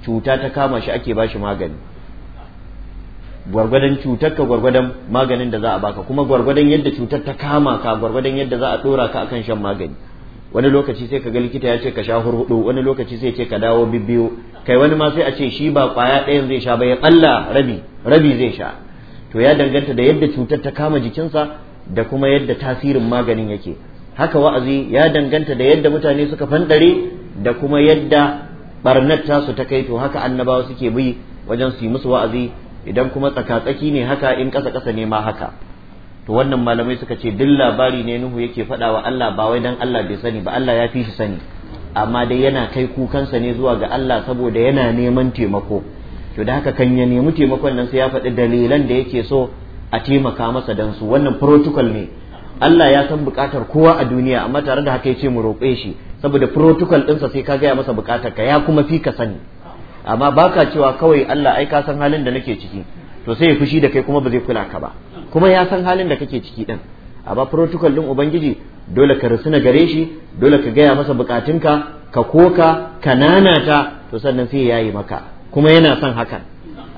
cuta ta kama shi ake bashi magani gwargwadon cutar ka gwargwadon maganin da za a baka kuma gwargwadon yadda cutar ta kama ka gwargwadon yadda za a dora ka akan shan magani wani lokaci sai ka ga likita ya ce ka sha hurhudu wani lokaci sai ce ka dawo bibbiyo kai wani ma sai a ce shi ba kwaya ɗayan zai sha ba ya tsalla rabi rabi zai sha to ya danganta da yadda cutar ta kama jikinsa da kuma yadda tasirin maganin yake haka wa'azi ya danganta da yadda mutane suka fandare da kuma yadda barnar tasu ta kai to haka annabawa suke bi wajen su yi musu wa'azi idan kuma tsakatsaki ne haka in ƙasa ƙasa ne ma haka to wannan malamai suka ce duk labari ne nuhu yake faɗa wa Allah ba wai dan Allah bai sani ba Allah ya fi sani amma dai yana kai kukansa ne zuwa ga Allah saboda yana neman taimako to da haka kan ya nemi taimakon nan sai ya faɗi dalilan da yake so a taimaka masa dan su wannan protocol ne Allah ya san bukatar kowa a duniya amma tare da haka ya ce mu roƙe shi saboda protocol ɗinsa sai ka gaya masa bukatar ka ya kuma fi ka sani amma baka cewa kawai Allah ai ka san halin da nake ciki to sai ya fushi da kai kuma ba zai kula ka ba kuma ya san halin da kake ciki din amma protocol ɗin ubangiji dole ka rusuna gare shi dole ka gaya masa bukatunka ka koka ka nanata to sannan sai ya yi maka kuma yana son hakan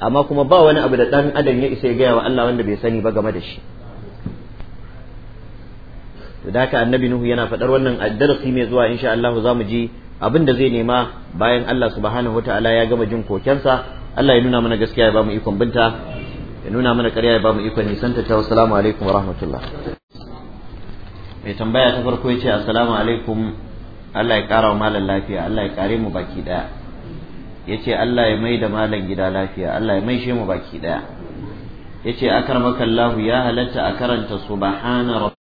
amma kuma ba wani abu da ɗan adam ya isa ya gaya wa Allah wanda bai sani ba game da shi da haka annabi nuhu yana faɗar wannan darasi mai zuwa insha Allah za mu ji abin da zai nema bayan Allah subhanahu wataala ya gama jin kokensa Allah ya nuna mana gaskiya ya ba mu ikon binta ya nuna mana ƙarya ya ba mu ikon nisanta ta assalamu alaikum wa rahmatullah mai tambaya ta farko ya ce assalamu alaikum Allah ya ƙara wa malam lafiya Allah ya kare mu baki ɗaya ya ce Allah ya mai da malam gida lafiya Allah ya maishe mu baki ɗaya ya ce akarmakallahu ya halatta a karanta subhana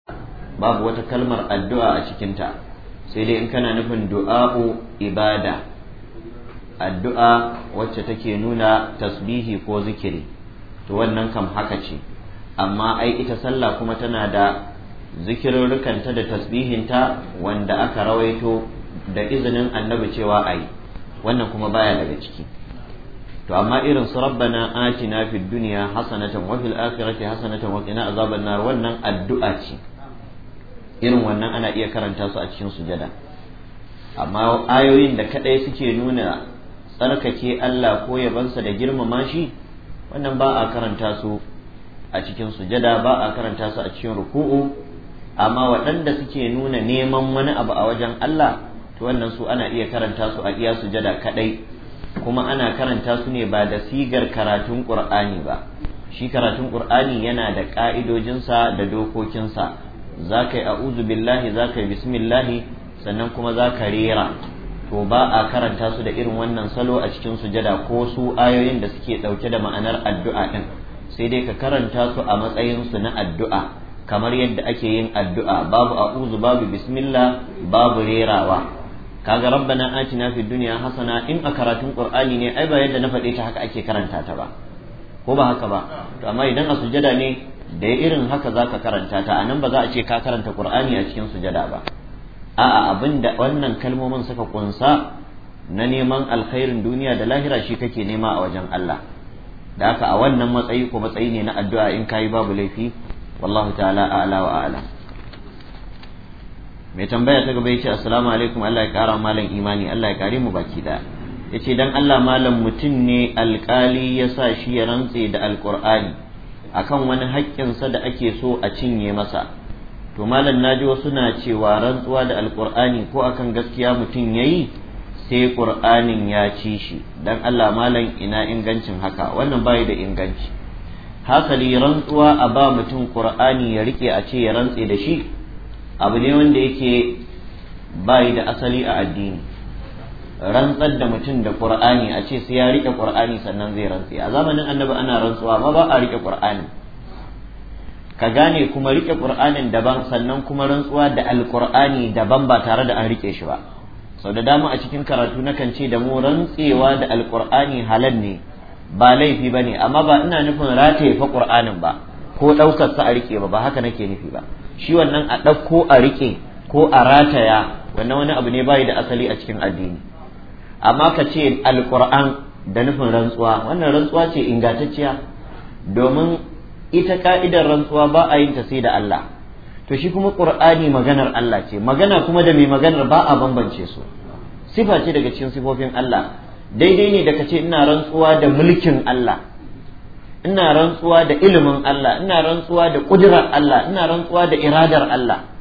babu wata kalmar addu'a a cikinta sai dai in kana nufin du'a'u ibada addu'a wacce take nuna tasbihi ko zikiri to wannan kam haka ce amma ai ita sallah kuma tana da zikirorukanta da tasbihinta wanda aka rawaito da izinin annabi cewa a yi wannan kuma baya daga ciki to amma irin su rabbana atina fid dunya hasanatan wa fil akhirati hasanatan wa qina azaban nar wannan addu'a ce irin wannan ana iya karanta su a cikin sujada amma ayoyin da kadai suke nuna tsarkake Allah ko yabansa da girmama shi wannan ba a karanta su a cikin sujada ba a karanta su a cikin ruku'u amma waɗanda suke nuna neman wani abu a wajen Allah to wannan su ana iya karanta su a iya sujada kadai kuma ana karanta su ne ba da sigar karatun Qur'ani ba shi karatun Qur'ani yana da ka'idojinsa da dokokinsa za ka yi a'udhu billahi za ka yi bismillahi sannan kuma za ka rera to ba a karanta su da irin wannan salo a cikin sujada ko su ayoyin da suke ɗauke da ma'anar addu'a ɗin sai dai ka karanta su a matsayin su na addu'a kamar yadda ake yin addu'a babu a'udhu babu bismillah babu rerawa kaga rabbana atina fid dunya hasana in a karatun qur'ani ne ai ba yadda na faɗe ta haka ake karanta ta ba ko ba haka ba to amma idan a sujada ne da irin haka za ka karanta ta nan ba za a ce ka karanta qur'ani a cikin sujada ba a'a abinda wannan kalmomin suka kunsa na neman alkhairin duniya da lahira shi kake nema a wajen Allah da haka a wannan matsayi ko matsayi ne na addu'a in kayi babu laifi wallahu ta'ala a'la wa a'la mai tambaya ta gaba yace assalamu alaikum Allah ya kara malam imani Allah ya kare mu baki da yace dan Allah malam mutum ne alkali ya sa shi ya rantse da alqur'ani akan wani haƙƙinsa da ake so a cinye masa to malam naji wasu na cewa rantsuwa da alƙur'ani ko akan gaskiya mutum yayi sai ƙur'anin ya ci shi dan allah malam ina ingancin haka wannan bai da inganci hasali rantsuwa a ba mutum ƙur'ani ya rike a ce ya rantse da shi abu ne wanda yake bayi da asali a addini rantsar da mutum da qur'ani a ce sai ya rike qur'ani sannan zai rantsi a zamanin annabi ana rantsuwa amma ba a rike qur'ani ka gane kuma rike qur'anin daban sannan kuma rantsuwa da alqur'ani daban ba tare da an rike shi ba sau da dama a cikin karatu na kan ce da mu rantsewa da alqur'ani halal ne ba laifi ba ne amma ba ina nufin rataye fa qur'anin ba ko ɗaukar sa a rike ba ba haka nake nufi ba shi wannan a ɗauko a rike ko a rataya wannan wani abu ne bai da asali a cikin addini amma ka ce alƙur'an da nufin rantsuwa wannan rantsuwa ce ingantacciya domin ita ka'idar rantsuwa ba a yin ta sai da Allah to shi kuma qur'ani maganar Allah ce magana kuma da mai maganar ba a bambance su sifa ce daga cikin sifofin Allah daidai ne da kace ina rantsuwa da mulkin Allah ina rantsuwa da ilimin Allah ina rantsuwa da kudirar Allah ina rantsuwa da iradar Allah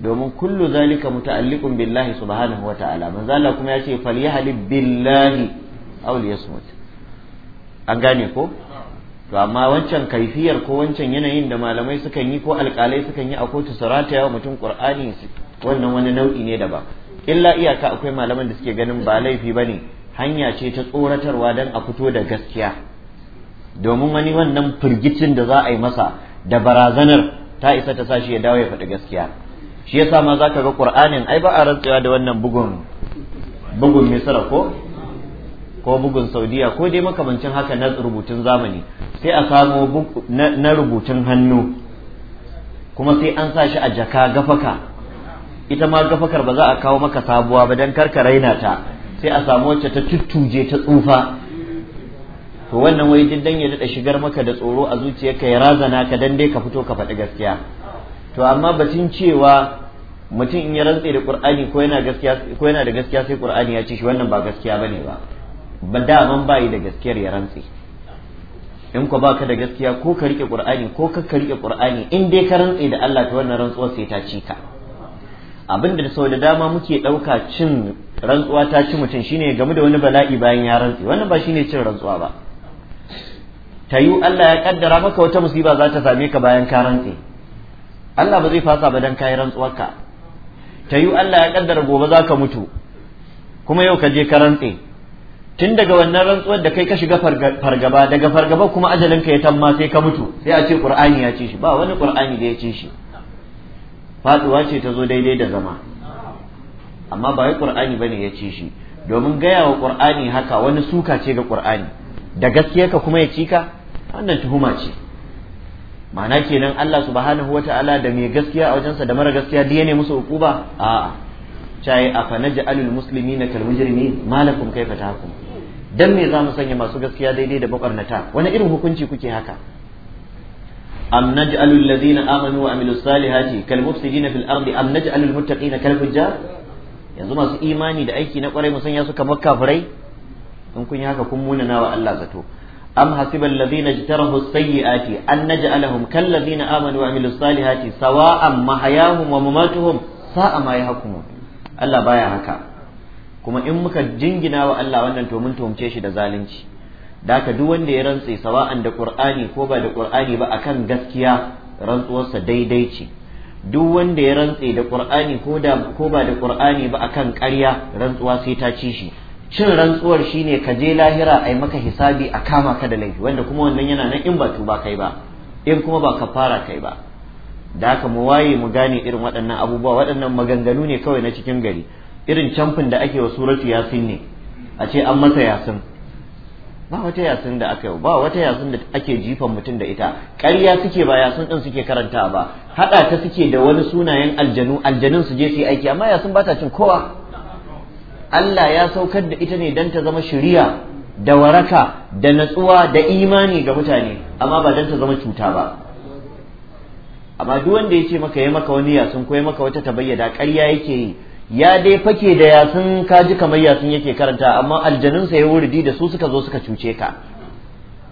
domin kullu zalika muta'alliqun billahi subhanahu wa ta'ala manzo Allah kuma ya ce falyahlib billahi aw liyasmut an gane ko to amma wancan kaifiyar ko wancan yanayin da malamai sukan yi ko alƙalai sukan yi a kotu sarata rataya wa mutum qur'ani wannan wani nau'i ne da ba illa iyaka akwai malaman da suke ganin ba laifi bane hanya ce ta tsoratarwa dan a fito da gaskiya domin wani wannan firgicin da za a yi masa da barazanar ta isa ta sashi ya dawo ya faɗi gaskiya shi yasa ma zaka ga qur'anin ai ba a rantsewa da wannan bugun bugun misra ko ko bugun saudiya ko dai makamancin haka na rubutun zamani sai a samo na rubutun hannu kuma sai an sa shi a jaka gafaka ita ma gafakar ba za a kawo maka sabuwa ba dan karka raina ta sai a samu wacce ta tuttuje ta tsufa to wannan wai diddan ya daɗa shigar maka da tsoro a zuciyarka ya razana ka dan dai ka fito ka faɗi gaskiya to amma batun cewa mutum in ya rantse da qur'ani ko yana gaskiya ko da gaskiya sai qur'ani ya ce shi wannan ba gaskiya bane ba ba da man bai da gaskiyar ya rantse in ko baka da gaskiya ko ka rike qur'ani ko ka ka rike qur'ani in dai ka rantse da Allah to wannan rantsuwar sai ta ci ka abinda da sau da dama muke ɗauka cin rantsuwa ta ci mutum shine game da wani bala'i bayan ya rantse wannan ba shine cin rantsuwa ba ta yiwu Allah ya kaddara maka wata musiba za ta same ka bayan ka rantse Allah ba zai fasa ba dan kayi rantsuwarka ta yi Allah ya kaddara gobe za ka mutu kuma yau ka je ka rantse tun daga wannan rantsuwar da kai ka shiga fargaba daga fargaba kuma ajalin ka ya tamma sai ka mutu sai a ce qur'ani ya ce shi ba wani qur'ani da ya ce shi faduwa ce ta zo daidai da zama amma ba wai qur'ani bane ya ce shi domin gaya wa qur'ani haka wani suka ce ga qur'ani da ka kuma ya cika wannan tuhuma ce ma'ana kenan Allah subhanahu wata'ala da mai gaskiya a wajensa da mara gaskiya duk ne musu hukuma a'a cai afa naj'alul muslimina kal mujrimin malakum kaifa tahkum dan me za mu sanya masu gaskiya daidai da mabarnata wani irin hukunci kuke haka am naj'alul ladzina amanu wa amilus salihati kal mufsidina fil ardi am naj'alul muttaqina kal fujjar yanzu masu imani da aiki na kwarai musanya su kamar kafirai in kun yi haka kun munana wa Allah zato am hasiba alladhina jtarahu as-sayyi'ati an naj'alahum kal na amanu wa amilus salihati sawa'an mahayahum wa mamatuhum sa'a ma yahkumun Allah baya haka kuma in muka jingina wa Allah wannan to tuhumce shi da zalunci da haka duk wanda ya rantse sawa'an da Qur'ani ko ba da Qur'ani ba akan gaskiya rantsuwarsa daidai ce duk wanda ya rantse da Qur'ani ko da ko ba da Qur'ani ba akan ƙarya rantsuwa sai ta ci shi cin rantsuwar shine ka je lahira a yi maka hisabi a kama ka da laifi wanda kuma wannan yana nan in ba tuba kai ba in kuma ba ka fara kai ba da haka mu waye mu gane irin waɗannan abubuwa waɗannan maganganu ne kawai na cikin gari irin camfin da ake wa suratu yasin ne a ce an masa yasin ba wata yasin da aka yi ba wata yasin da ake jifan mutum da ita ƙarya suke ba yasin ɗin suke karanta ba haɗa ta suke da wani sunayen aljanu aljanun su je su yi aiki amma yasin ba ta cin kowa Allah ya saukar da ita ne don ta zama shiriya da waraka da natsuwa da imani ga mutane amma ba don ta zama cuta ba amma duk wanda ya ce maka ya maka wani yasun ko ya maka wata ta tabayyada ƙarya yake yi ya dai fake da yasun kaji kamar yasun yake karanta amma aljanun sa ya wuridi da su suka zo suka cuce ka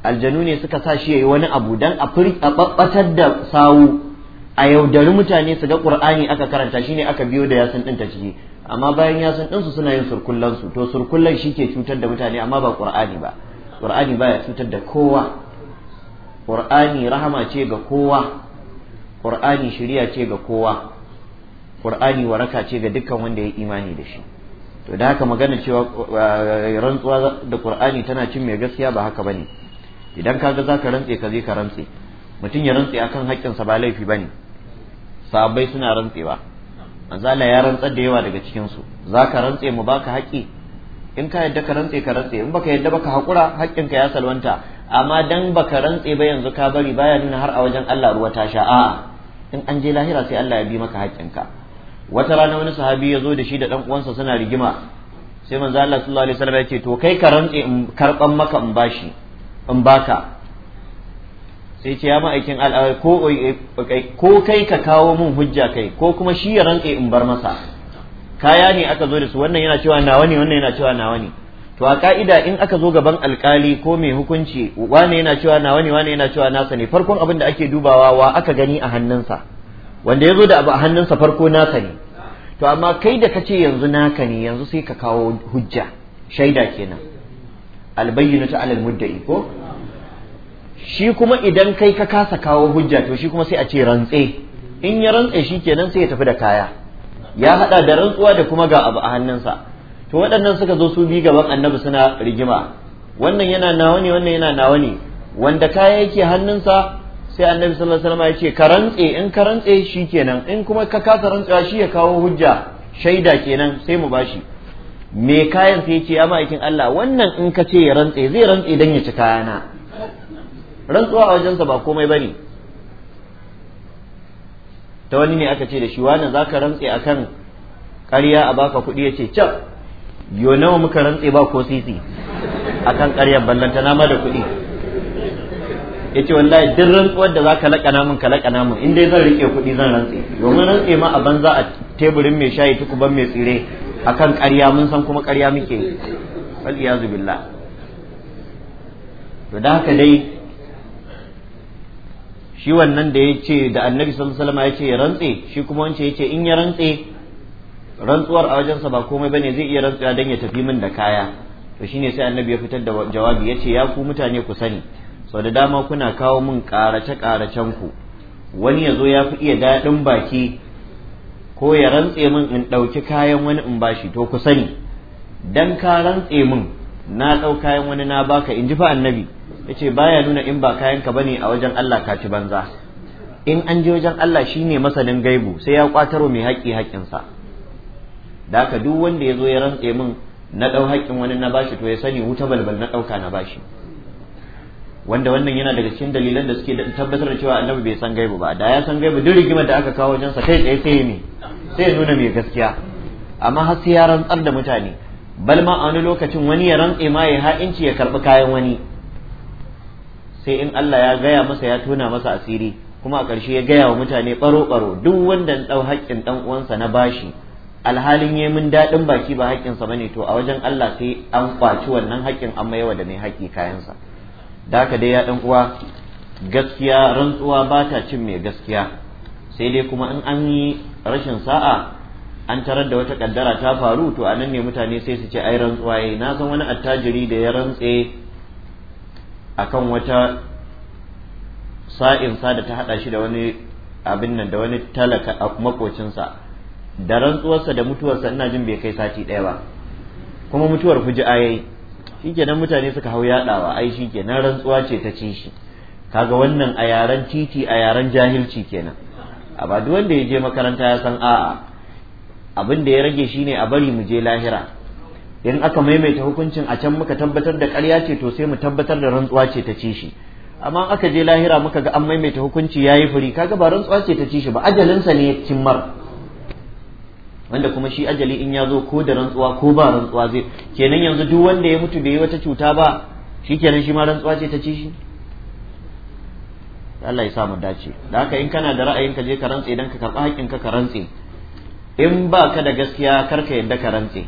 aljanu ne suka sa shi ya yi wani abu don a ɓaɓɓatar da sawu a yaudari mutane su ga qur'ani aka karanta shine aka biyo da yasin din ta ciki amma bayan yasin din su suna yin surkullan su to surkullan ke cutar da mutane amma ba qur'ani ba qur'ani baya cutar da kowa qur'ani rahama ce ga kowa qur'ani shari'a ce ga kowa qur'ani waraka ce ga dukkan wanda ya imani da shi to da haka magana cewa eh, rantsuwa da qur'ani tana cin mai gaskiya ba haka bane idan kaga zaka rantse ka je ka rantse mutum ya rantse akan haƙƙinsa ba laifi bane sahabbai suna rantsewa manzala ya rantsa da yawa daga cikin su zaka rantse mu baka haƙi in ka yadda ka rantse ka rantse in baka yadda baka haƙura ka ya salwanta amma dan baka rantse ba yanzu ka bari baya nuna har a wajen Allah ruwa ta sha a'a in an je lahira sai Allah ya bi maka ka. wata rana wani sahabi ya zo da shi da dan uwansa suna rigima sai manzo Allah sallallahu alaihi wasallam ya ce to kai ka rantse in karban maka in bashi in baka sai ce ya ma'aikin al'awai eh, ko kai ka kawo mun hujja kai ko kuma shi ya rantse in bar masa kaya ne aka zo da su wannan yana cewa nawa ne wannan yana cewa nawa ne to a ka'ida in aka zo gaban alkali ko mai hukunci wane yana cewa nawa ne wane yana cewa nasa ne farkon abin da ake dubawa wa aka gani a hannunsa wanda ya zo da abu a hannunsa farko nasa ne to amma kai da ka ce yanzu naka ne yanzu sai ka kawo hujja shaida kenan albayyinatu alal mudda'i ko shi kuma idan kai ka kasa kawo hujja to shi kuma sai a ce rantse in ya rantse shi kenan sai ya tafi da kaya ya hada da rantsuwa da kuma ga abu a hannunsa to waɗannan suka zo su bi gaban annabi suna rigima wannan yana nawa ne wannan yana nawa ne wanda kaya yake hannunsa sai annabi sallallahu alaihi wasallam ya ce ka rantse in ka rantse shi kenan in kuma ka kasa rantsuwa shi ya kawo hujja shaida kenan sai mu bashi me kayan sai ya ce ya ma'aikin Allah wannan in ka ce ya rantse zai rantse dan ya ci kayana rantsuwa a wajensa ba komai bane ta wani ne aka ce da shi wani zaka rantse akan ƙarya a baka kuɗi ya ce can yo nawa muka rantse ba ko sisi akan ƙaryar ballanta nama da kuɗi ya ce wallahi duk rantsuwar da zaka laƙa namun ka laƙa namun in dai zan riƙe kuɗi zan rantse domin rantse ma a banza a teburin mai shayi tukuban mai tsire akan ƙarya mun san kuma ƙarya muke wal iyazu billah to da haka dai shi wannan da ya ce da annabi sallallahu alaihi ya ce ya rantse shi kuma wance ya ce in ya rantse rantsuwar a wajensa ba komai bane zai iya rantsuwa dan ya tafi min da kaya to shine sai annabi ya fitar da jawabi ya ce ya ku mutane ku sani sau da dama kuna kawo min karace karacen ku wani ya zo ya fi iya daɗin baki ko ya rantse min in ɗauki kayan wani in bashi to ku sani dan ka rantse min na ɗau kayan wani na baka in ji fa annabi yace baya nuna in ba kayan ka bane a wajen Allah ka ci banza in an je wajen Allah shine masanin gaibu sai ya kwataro mai haƙi sa da haka duk wanda ya zo ya rantse min na ɗau haƙin wani na bashi to ya sani wuta balbal na ɗauka na bashi wanda wannan yana daga cikin dalilan da suke tabbatar da cewa annabi bai san gaibu ba da ya san gaibu duk rigimar da aka kawo wajen wajensa kai tsaye sai ne sai ya nuna mai gaskiya amma har sai ya rantsar da mutane bal ma a wani lokacin wani ya rantse ma ya ha'inci ya karɓi kayan wani sai in Allah ya gaya masa ya tona masa asiri kuma a ƙarshe ya gaya wa mutane ɓaro-ɓaro duk wanda na ɗau haƙƙin ɗan uwansa na bashi alhalin ya min daɗin baki ba haƙƙinsa ne, to a wajen Allah sai an kwaci wannan haƙƙin an yawa da mai haƙƙi kayansa da haka dai ya ɗan uwa gaskiya rantsuwa ba ta cin mai gaskiya sai dai kuma in an yi rashin sa'a an tarar da wata kaddara ta faru to a nan ne mutane sai su ce ai rantsuwa yayi na san wani attajiri da ya rantse akan wata sa'insa da ta haɗa shi da wani abin nan da wani talaka a makocinsa da rantsuwarsa da mutuwarsa ina jin bai kai sati ɗaya ba kuma mutuwar fuji'a yayi shikenan mutane suka hau yaɗawa ai shikenan rantsuwa ce ta ci shi kaga wannan a yaren titi a yaren jahilci kenan a ba duk wanda ya je makaranta ya san a'a abin da ya rage shine a bari mu je lahira idan aka maimaita hukuncin a can muka tabbatar da ƙarya ce to sai mu tabbatar da rantsuwa ce ta ci shi amma aka je lahira muka ga an maimaita hukunci yayi furi kaga ba rantsuwa ce ta ci shi ba ajalinsa ne cimmar wanda kuma shi ajali in ya zo ko da rantsuwa ko ba rantsuwa zai kenan yanzu duk wanda ya mutu bai yi wata cuta ba shi kenan shi ma rantsuwa ce ta ci shi Allah ya mu dace da haka in kana da ra'ayin ka je ka rantse idan ka karɓi haƙƙin ka ka rantse in ba ka da gaskiya kar ka yadda ka rantse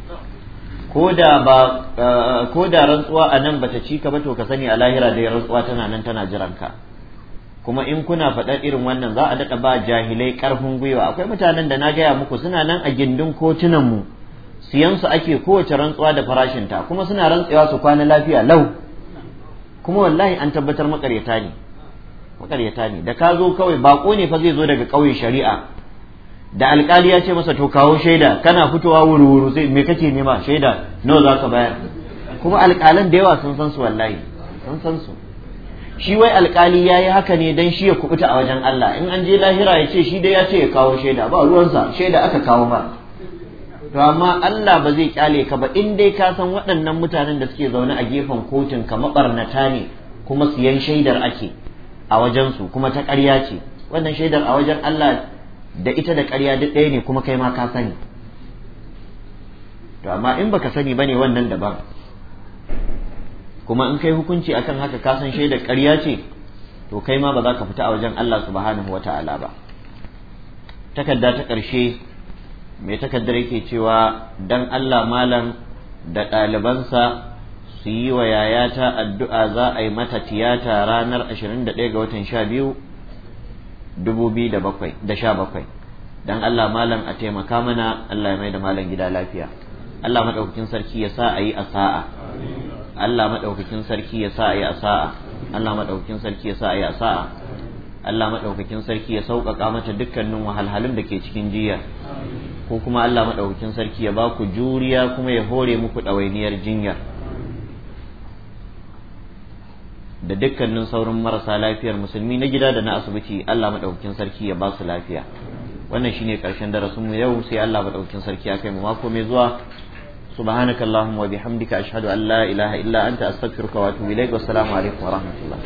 Eh, ko da rantsuwa a nan bata cika ba to ka sani a lahira dai rantsuwa tana nan tana jiran ka kuma in kuna faɗar irin wannan za a daɗa ba jahilai ƙarfin gwiwa akwai mutanen da na gaya muku suna nan a gindin kotunan mu siyan su ake kowace rantsuwa da farashinta kuma suna rantsewa su kwana lafiya lau kuma wallahi an tabbatar makaryata ne makaryata ne da ka zo kawai bako ne fa zai zo daga ƙauye shari'a da alkali ya ce masa to kawo shaida kana fitowa wuri-wuri, sai me kake nema shaida nawa za ka bayar kuma alkalan da yawa sun san su wallahi sun san su shi wai alkali ya yi haka ne dan shi ya kubuta a wajen Allah in an je lahira ya ce shi dai ya ce ya kawo shaida ba ruwansa shaida aka kawo ma to amma Allah ba zai kyale ka ba in dai ka san waɗannan mutanen da suke zaune a gefen kotun ka mabarnata ne kuma siyan shaidar ake a wajensu kuma ta ƙarya ce wannan shaidar a wajen Allah da ita da ƙarya duk ɗaya ne kuma kai ma ka sani to amma in baka sani bane wannan daban kuma in kai hukunci akan haka ka san shaidar ƙarya ce to kai ma ba za ka fita a wajen Allah subhanahu wata'ala ba takarda ta ƙarshe mai takardar yake cewa dan Allah malam da ɗalibansa su yi wa yayata addu'a za a yi mata tiyata ranar 21 ga watan 12 2017 Don Allah malam a taimaka mana Allah ya mai da malam gida lafiya Allah maɗaukakin sarki ya sa a yi a sa'a Allah maɗaukakin sarki ya sa a yi a sa'a Allah maɗaukakin sarki ya sa a yi a sa'a Allah maɗaukakin sarki ya sauƙaƙa mata dukkanin wahalhalun da ke cikin jiya ko kuma Allah maɗaukakin sarki ya ba ku juriya kuma ya hore muku ɗawainiyar jinyar da dukkanin saurin marasa lafiyar musulmi na gida da na asibiti Allah madaukakin sarki ya ba su lafiya wannan shine karshen darasin mu yau sai Allah madaukakin sarki ya kai mu mako mai zuwa subhanakallahumma wa bihamdika ashhadu an la ilaha illa anta astaghfiruka wa atubu ilaik wassalamu alaikum wa rahmatullah